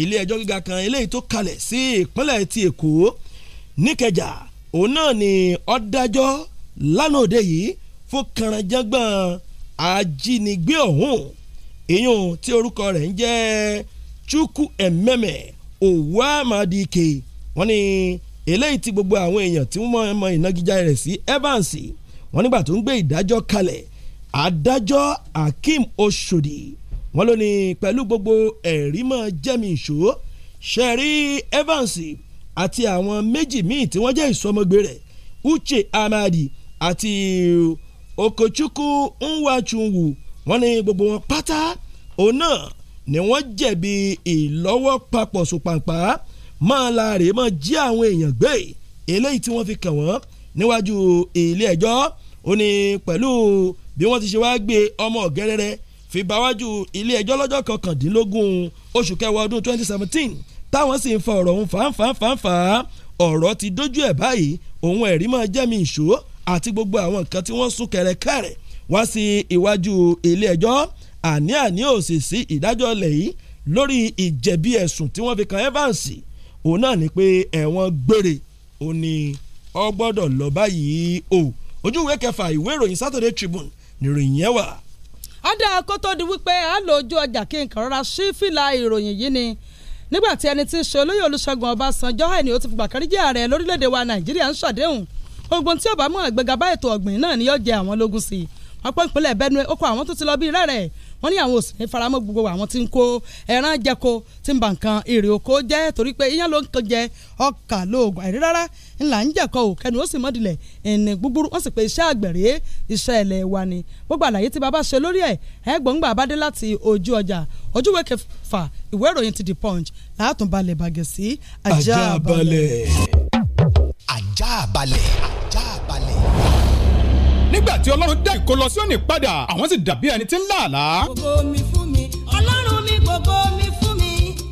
Speaker 6: ilé ẹjọ́ gíga kan eléyìí tó kalẹ̀ sí ìpínlẹ̀ ti èkó níkẹjà òun náà ni ọ̀dájọ́ lánàá òde yìí fún kànáńjàngbọ̀n ajínigbé ọ̀hún èèyàn tí orúkọ rẹ̀ ń jẹ́ chukwu ememe owuamadike wọ́n ní eléyìí tí gbogbo àwọn èèyàn tí wọ́n mọ ìnagijẹ rẹ̀ sí evans wọ́n nígbà tó ń gbé ìdájọ́ kalẹ̀ adájọ́ Hakeem Oshodi wọ́n ló ní pẹ̀lú gbogbo ẹ̀rí mọ́ jẹ́mi ìṣó Sherry Evans àti àwọn méjì míì tí wọ́n jẹ́ ìsọmọgbé rẹ̀ Uche Amadi àti Okochukwu Nwachunwu wọ́n ní gbogbo wọn pátá òun náà ni wọ́n jẹ̀bi ìlọ́wọ́ papọ̀ sùpàǹpà máa la rèé máa jí àwọn èèyàn gbé eléyìí tí wọ́n fi kàn wọ́n níwájú ilé ẹjọ́ ó ní pẹ̀lú bí wọ́n ti ṣe wá gbé ọmọ ọ̀gẹ́rẹ́rẹ́ fi báwájú ilé ẹjọ́ lọ́jọ́ kọkàndínlógún oṣù kẹwàá ọdún 2017 táwọn sì ń fa ọ̀rọ̀ ọ̀hún fàǹfàǹfàǹfà ọ̀rọ̀ ti dójú ẹ̀ báyìí òun ẹ̀rí máa jẹ́mi ìṣó àti gbogbo àwọn nǹkan tí wọ́n sún kẹ̀rẹ̀kẹ̀rẹ̀ wá sí iwájú ilé ẹjọ́ àní àní ò sì sí ìdájọ́ ilẹ̀ yìí lórí ìjẹ̀bi ẹ̀sùn tí wọ́n fi kan Evans òun náà ni pé ẹ̀wọ̀n gbére òun ni ó lọ báyìí
Speaker 1: o ojú ìwé kẹfà ìwé ìròyìn Saturday Tribune níròyìn yẹn wà. ọ̀dà kó di wípé a lò ojú ọjà kí nǹkan rọra sí fìlà ìròyìn yìí ni nígbà tí ẹni tí í ṣe olóyè olùṣègùn ọbásanjọ́ ẹni ó ti fìgbà kan rí jẹ́ ààrẹ lórílẹ̀‐èdè wa nàìjíríà ń ṣàdéhùn ogun tí ó bá mú àgbéga ètò ọ̀gbìn náà ni yóò jẹ àwọn lógún sí i wọ́n pé ìpínlẹ̀ Benue ó kó àwọn tó ti lọ bí rẹ́rẹ́ wọ́n ní àwọn òsì ní faramọ́ gbogbo àwọn tí ń kó ẹran jẹko tí ń ba nǹkan èrè oko jẹ́ torí pé iyán ló ń kan jẹ ọkà lóògùn àìrí rárá ńlá ń jẹ̀kọ́ ò kẹ́nu ó sì mọ́dìlẹ̀ ẹ̀ẹ́nì gbúgbúrú wọ́n sì pé iṣẹ́ àgbẹ̀rẹ́ iṣẹ́ ilẹ̀ wa ni gbogbo àlàyé tí bàbá ṣe lórí ẹ̀ ẹ̀ẹ́gbọ̀ngbà bá dé láti ojú ọjà ojúwe kẹfà ìwé ìròyìn ti The Punch látùnbalẹ̀ bàgẹ̀ sí ajá balẹ̀. ajá balẹ̀ ajá balẹ̀
Speaker 8: nígbà tí ọlọ́run dá ìkólọsí òní padà àwọn sì dàbí ẹni tí ń làálàá.
Speaker 1: gbogbo mi fún mi ọlọ́run mi gbogbo mi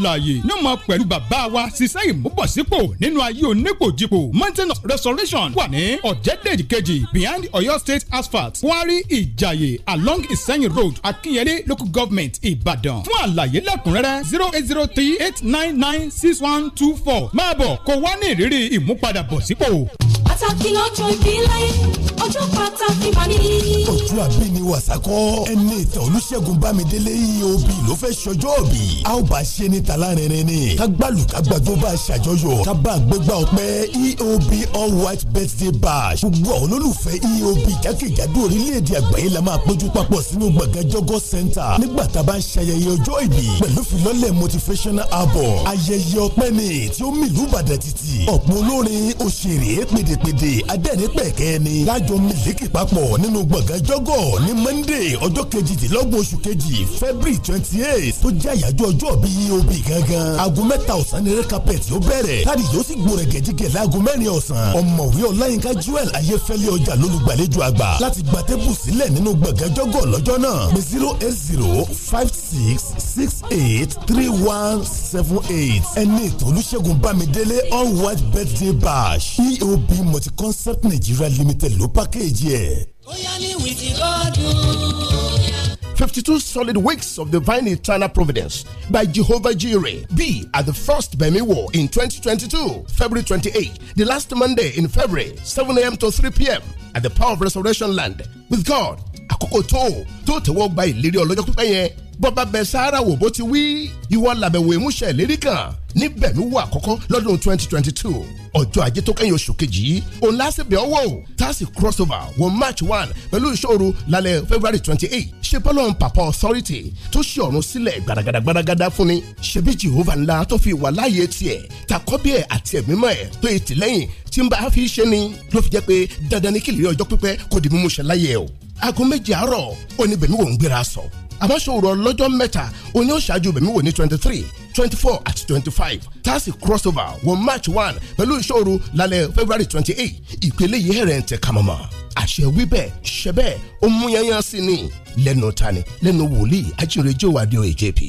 Speaker 8: alààyè ní ọmọ pẹ̀lú bàbá wa ṣiṣẹ́ ìmúbọ̀sípò nínú ayé onípòjìpò mountain of restoration wà ní ọ̀jẹ̀dẹ̀jì kejì behind Oyo state asphalt kwari ìjàyè along ìsẹ́yìn road akínyẹlé local government ìbàdàn fún àlàyé lẹ́kùnrẹ́rẹ́ zero eight zero three eight nine nine six one two four máa bọ̀ kó wá ní ìrírí ìmúpadàbọ̀sípò. pàtàkì lọ́jọ́ ìbílẹ̀
Speaker 2: ọjọ́ pàtàkì mà ní.
Speaker 8: ọjọ́ àbí ni wàsákọ́ ẹni
Speaker 4: ìtàn olùṣègùn bámidélé eob ló fẹ́ ṣọjọ́ òbí a ó bá ṣe ní t ta lárinrin ni kágbálù kágbàjọ bá a ṣàjọyọ̀ kábà gbégbá ọpẹ́ eob all white birthday bash gbogbo àwọn olólùfẹ́ eob jákèjádò orílẹ̀-èdè àgbáyé la máa péjú papọ̀ sínú gbọ̀ngàn jọgọ́ center nígbà tá a bá ń ṣayẹyẹ ọjọ́ ìbí pẹ̀lú filọ́lẹ̀ motivational album ayẹyẹ ọpẹ́ ni tí ó mìlú bàdàn títì ọ̀pọ̀ olórin òṣèré pèdèpèdè adẹ́rìnpẹ̀kẹ́ ni lájọ mílíkì papọ̀ nínú gbọ̀ngàn jọgọ́ ní monday ọjọ́ kejìdínlọ́gbọ̀n oṣù kejì february twenty eight tó jẹ́ àyájọ́ ọjọ́ bíi eob Friday gangan aago mẹ́ta ọ̀sán ni red carpet yóò bẹ̀rẹ̀ káàdì yóò sì gbòòrè gẹ̀jígẹ̀ láago mẹ́rin ọ̀sán ọ̀mọ̀wé ọláyínká joel ayéfẹ́lẹ́ ọjà lólùgbàlejò àgbà láti gba tébù sílẹ̀ nínú gbọ̀ngàn jọ́gọ̀ lọ́jọ́ náà pé zero eight zero five six six eight three one seven eight ẹni ètò olùṣègùn bámidélé all white birthday bash eob multi-concept nigeria limited ló pàkéjì ẹ̀.
Speaker 5: ó ní wìtí gọ́dún.
Speaker 4: 52 solid weeks of divine eternal providence by Jehovah Jireh. B at the first Bemi War in 2022, February 28, the last Monday in February, 7 a.m. to 3 p.m. at the Power of Restoration Land with God. Àkókò tó to tẹ̀wọ́ gba ìlérí ọlọ́jọ́ pípẹ́ yẹn bọ́ba bẹ sahara wò bó ti wí ìwọ làbẹ̀wò ìmúṣẹ ìlérí kan níbẹ̀ mi wò àkọ́kọ́ lọ́dún twenty twenty two ọjọ́ ajé tó kẹ́yìn oṣù kejì yìí òun lásìbẹ̀ ọwọ́ tásì crossover wọ march one pẹ̀lú ìṣòro lálẹ́ february twenty eight ṣe bọ́lọ́n papa authority tó ṣe ọ̀run sílẹ̀ gbaragada gbaragada fún ni ṣebí jehovah ńlá tó fi wà láàyè tiẹ̀ takọ́bí ẹ̀ àti ẹ̀mímọ́ ẹ̀ tó yẹ tìlẹ́yìn tí ń bá fi ṣe ni ló fi jẹ́ pé dandan ní kìlì ọjọ́ pípẹ́ kò di mímú ṣe láyè o aago méje àárọ̀ ó ní bẹ̀mí wò ń gbéra sọ àbáṣọ̀rò ọlọ́jọ́ mẹ́ta oní òṣáájú bẹ̀mí wò ní twenty three twenty four àti twenty five tásì crossover wọ march one pẹ̀lú ìṣòro lálẹ́ february twenty eight ìpele yìí hẹ̀rẹ̀ ń tẹ̀ kàmọ́mọ́ àṣẹ wíbẹ̀ ṣẹbẹ̀ ó mú yanyan sí ni lẹ́nu tani lẹ́nu wòlíì ajínrere jẹ́ òwádìí ọ̀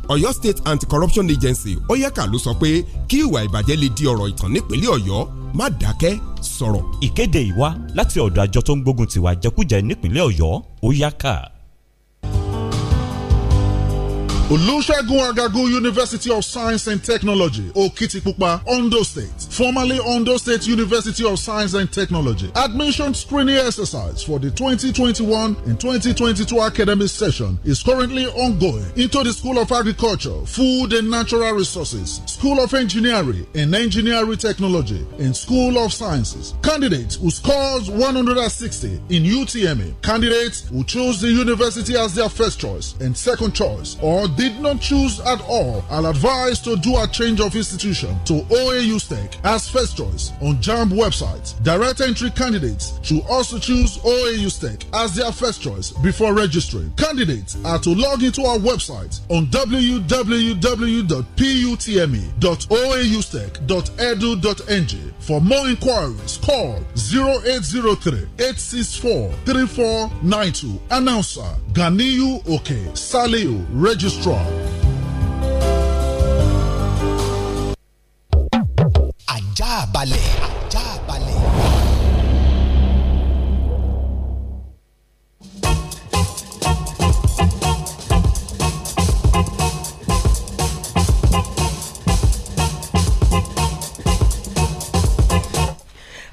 Speaker 4: Ọ̀yọ́ State Anti-Corruption Agency oyeka ló sọ pé kí ìwà ìbàjẹ́ lè di ọ̀rọ̀ ìtàn nípínlẹ̀ Ọ̀yọ́ má dákẹ́ sọ̀rọ̀. ìkéde ìwá láti ọ̀dọ̀ àjọ tó ń gbógun tiwa jẹkújẹ nípínlẹ̀ Ọ̀yọ́ oyeka.
Speaker 3: Olúṣẹ́gun Agagu University of Science and Technology Òkìtìpupa Ondo State formerly Ondo State University of Science and Technology. Admission screening exercise for the 2021 and 2022 academic session is currently ongoing into the School of Agriculture, Food and Natural Resources, School of Engineering and Engineering Technology, and School of Sciences. Candidates who scores 160 in UTME, candidates who choose the university as their first choice and second choice, or did not choose at all, are advised to do a change of institution to OAU State. as first choice on JAMB website. Direct entry candidates should also choose OAU STEC as their first choice before registering. Candidates are to log into our website on www.putme.oaustech.edu.ng. For more inquiries, call 0803 864 3492. Announcer Ganiyu Oke Saleo Registrar.
Speaker 4: balẹ̀. ajá balẹ̀.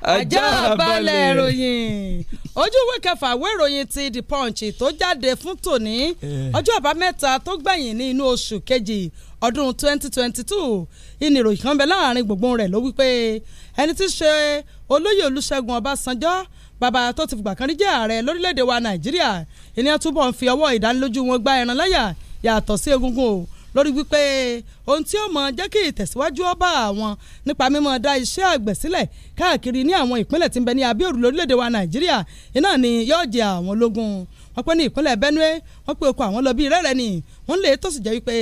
Speaker 1: ajá balẹ̀ ìròyìn ojú ìwé kẹfà ìwé ìròyìn ti the punch tó jáde fún tòní eh. ọjọ́ àbámẹ́ta tó gbẹ̀yìn ní inú oṣù kejì ọdún 2022 ìnìròyìn kan bẹ láàrin gbogbo rẹ̀ ló wípé ẹni tí í ṣe olóyè olúṣẹ́gun ọbásanjọ́ bàbá tó ti fìgbà kan rí jẹ́ ààrẹ lórílẹ̀‐èdè wa nàìjíríà ènìyàn túbọ̀ ń fi ọwọ́ ìdánilójú wọn gba ẹran láyà yàtọ̀ sí egungun o lórí wípé ohun tí ó mọ jẹ́ kí ìtẹ̀síwájú ọba àwọn nípa mímọ dá iṣẹ́ àgbẹ̀ sílẹ̀ káàkiri ní àwọn ìpínlẹ̀ tí ń bẹ ní abíòrù lórílẹ̀‐èdè wa nàìjíríà iná ni yóò jẹ àwọn lógún wọ́n pẹ́ ní ìpínlẹ̀ benue wọ́n pé oko àwọn lọ bí rẹ́rẹ́ ni òun lè tó sì jẹ́ wípé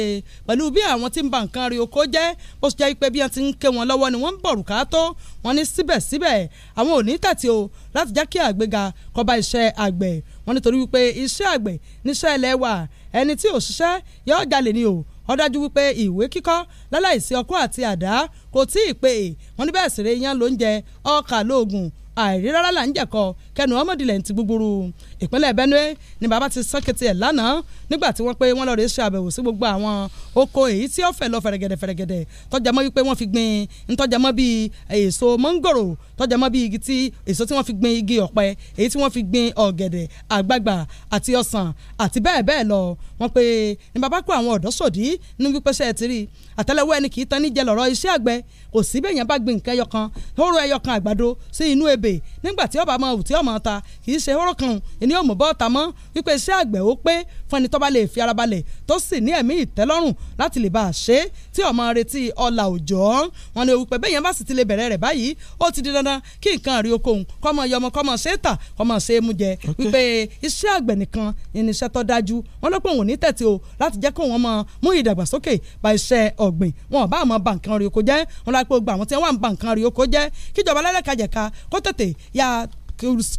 Speaker 1: pẹ̀lú bí àwọn tí ń ba nǹkan rí oko jẹ́ bó sì jẹ́ wípé bí wọ́n ti ń ké wọn lọ́wọ́ ni wọ́n ń bọ̀rù ká tó wọn ní síbẹ̀síbẹ̀ àwọn ò ní tàtí o láti jẹ́ kí àgbéga kó bá iṣẹ́ àgbẹ̀ wọn nítorí wípé iṣẹ́ àgbẹ̀ níṣẹ́ ilẹ̀ wa ẹni tí ò ṣiṣẹ́ yóò jalè ni o ó dájú wípé ìwé kíkọ́ láláìsí ọkọ́ àti àdá kò tí ì pè é wọn ní bẹ́ẹ̀ sì rẹ̀ iyán ọkà lóògùn àìrí rárá là ń jẹ̀kọ́ kẹnu ọmọdìlẹ̀ ti gbogbooru ìpínlẹ̀ Benue ni bàbá ti sán kété ẹ̀ lánàá nígbà tí wọ́n pé wọ́n lọ́ọ́ rẹ̀ ṣe sí gbogbo àwọn oko èyí tí ó fẹ̀ lọ fẹ̀rẹ̀gẹ̀dẹ̀ fẹ̀rẹ̀gẹ̀dẹ̀ tọ́jàmọ́ wípé wọ́n fi gbin ntọ́jàmọ́ bíi èso mọ́ngòrò tọ́jàmọ́ bíi igi tí èso tí wọ́n fi gbin igi ọ̀pẹ èyí tí wọ́n fi gbin ọ̀gẹ̀dẹ̀ àgbagbà àti ọsàn àti bẹ́ẹ̀ bẹ́ẹ̀ lọ wọ́n pé ní bàbá kó àwọn ọ̀dọ́ sòdí ní wípé ṣe é ti rí àtẹ́lẹwọ́ ẹni kì í tan níjẹ lọ́rọ̀ iṣẹ́ àgbẹ̀ kò sí yẹn bá gbin nǹkan ẹyọkan tó rọ ẹyọkan àgbàdo sí inú ebè nígbà tí ọba máa wù tí ọ ọmọ ta kì í ṣe ọ̀rọ̀ kan ìní ọmọ bọ́ ta mọ́ wípé iṣẹ́ àgbẹ̀ ó pé fún ẹni tó bá lè fi ara balẹ̀ tó sì ní ẹ̀mí ìtẹ́lọ́rùn láti lè bá a ṣe tí ọmọ retí ọlà òjò wọn ni wípé bẹ́ẹ̀ yẹn bá sì ti lè bẹ̀rẹ̀ rẹ̀ báyìí ó ti di dandan kí nǹkan rí oko kọ́mọ yọmọ kọ́mọ ṣe é tà kọ́mọ ṣe é mú jẹ wípé iṣẹ́ àgbẹ̀ nìkan irinṣẹ́ tó dájú wọn ló pé òun ní tẹ̀tì o láti jẹ́ kó wọn mọ mú ìdàgbàsókè bá iṣẹ́ ọ̀gbìn wọn ò bá àmọ́ ba nǹkan rí oko jẹ́ wọn lápẹ́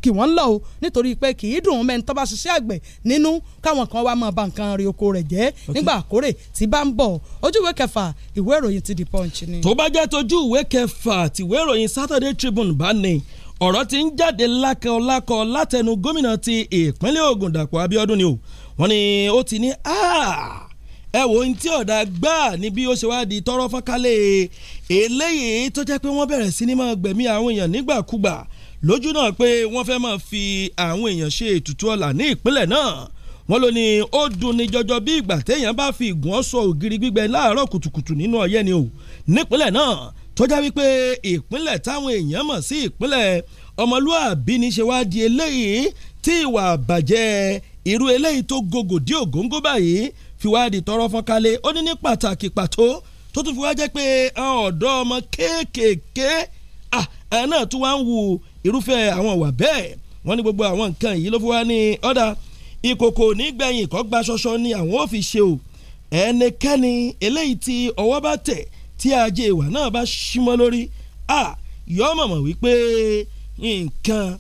Speaker 1: kì wọ́n lọ o nítorí pé kì í dùn mẹ́ni tó ṣiṣẹ́ àgbẹ̀ nínú káwọn kan wá máa ba nǹkan rẹ̀ oko rẹ̀ jẹ́ nígbà àkórè tí bá ń bọ̀ ojúwe kẹfà ìwé ìròyìn ti The Punch ni.
Speaker 6: tó bá jẹ́ tójú ìwé kẹfà tìwé ìròyìn Saturday Tribune bá ní ọ̀rọ̀ tí ń jáde lákọ̀ lákọ̀ látẹnu gómìnà ti ìpínlẹ̀ Ògùn Dàpọ̀ Abíọ́dún ni o wọ́n ní ó ti ní ẹ wo ohun tí ọ̀dà gbà ní bí ó ṣe wá di tọrọ fọ́nkálẹ̀ eléyìí tó jẹ́ pé wọ́n bẹ̀rẹ̀ sí ní máa gbẹ̀mí àwọn èèyàn nígbàkúgbà lójú náà pé wọ́n fẹ́ máa fi àwọn èèyàn ṣe ètùtù ọ̀la ní ìpínlẹ̀ náà wọ́n ló ní ó dunni jọjọ bí ìgbà téèyàn bá fi ìgùn ọ̀sọ̀ ògiri gbígbẹ láàárọ̀ kùtùkùtù nínú ọyẹ́ ni o nípínlẹ̀ náà tọ́já wípé ìpínlẹ̀ táwọn èèyàn mọ̀ sí ìpínlẹ̀ ọmọlúàbí ní ṣe wá di eléyìí tí ìwà àbàjẹ́ irú eléyìí tó gògò dí ògóńgó báyìí fi wá di tọrọ fọ́n kalẹ̀ ó ní ní pàtàkì pàtó tó tún fi wá jẹ́ pé àwọn ọ̀dọ́ ọmọ kéékèèké náà irúfẹ́ àwọn ìwà bẹ́ẹ̀ wọ́n ní gbogbo àwọn nǹkan yìí ló fi wá ní ọ̀dà ìkòkò nígbẹ̀yìn kọ́ gba ṣọṣọ ni àwọn ò fi ṣe o ẹnikẹ́ni eléyìí tí ọwọ́ bá tẹ̀ tí ajé ìwà náà bá ṣímọ́ lórí a yọ mọ̀mọ́ wípé nǹkan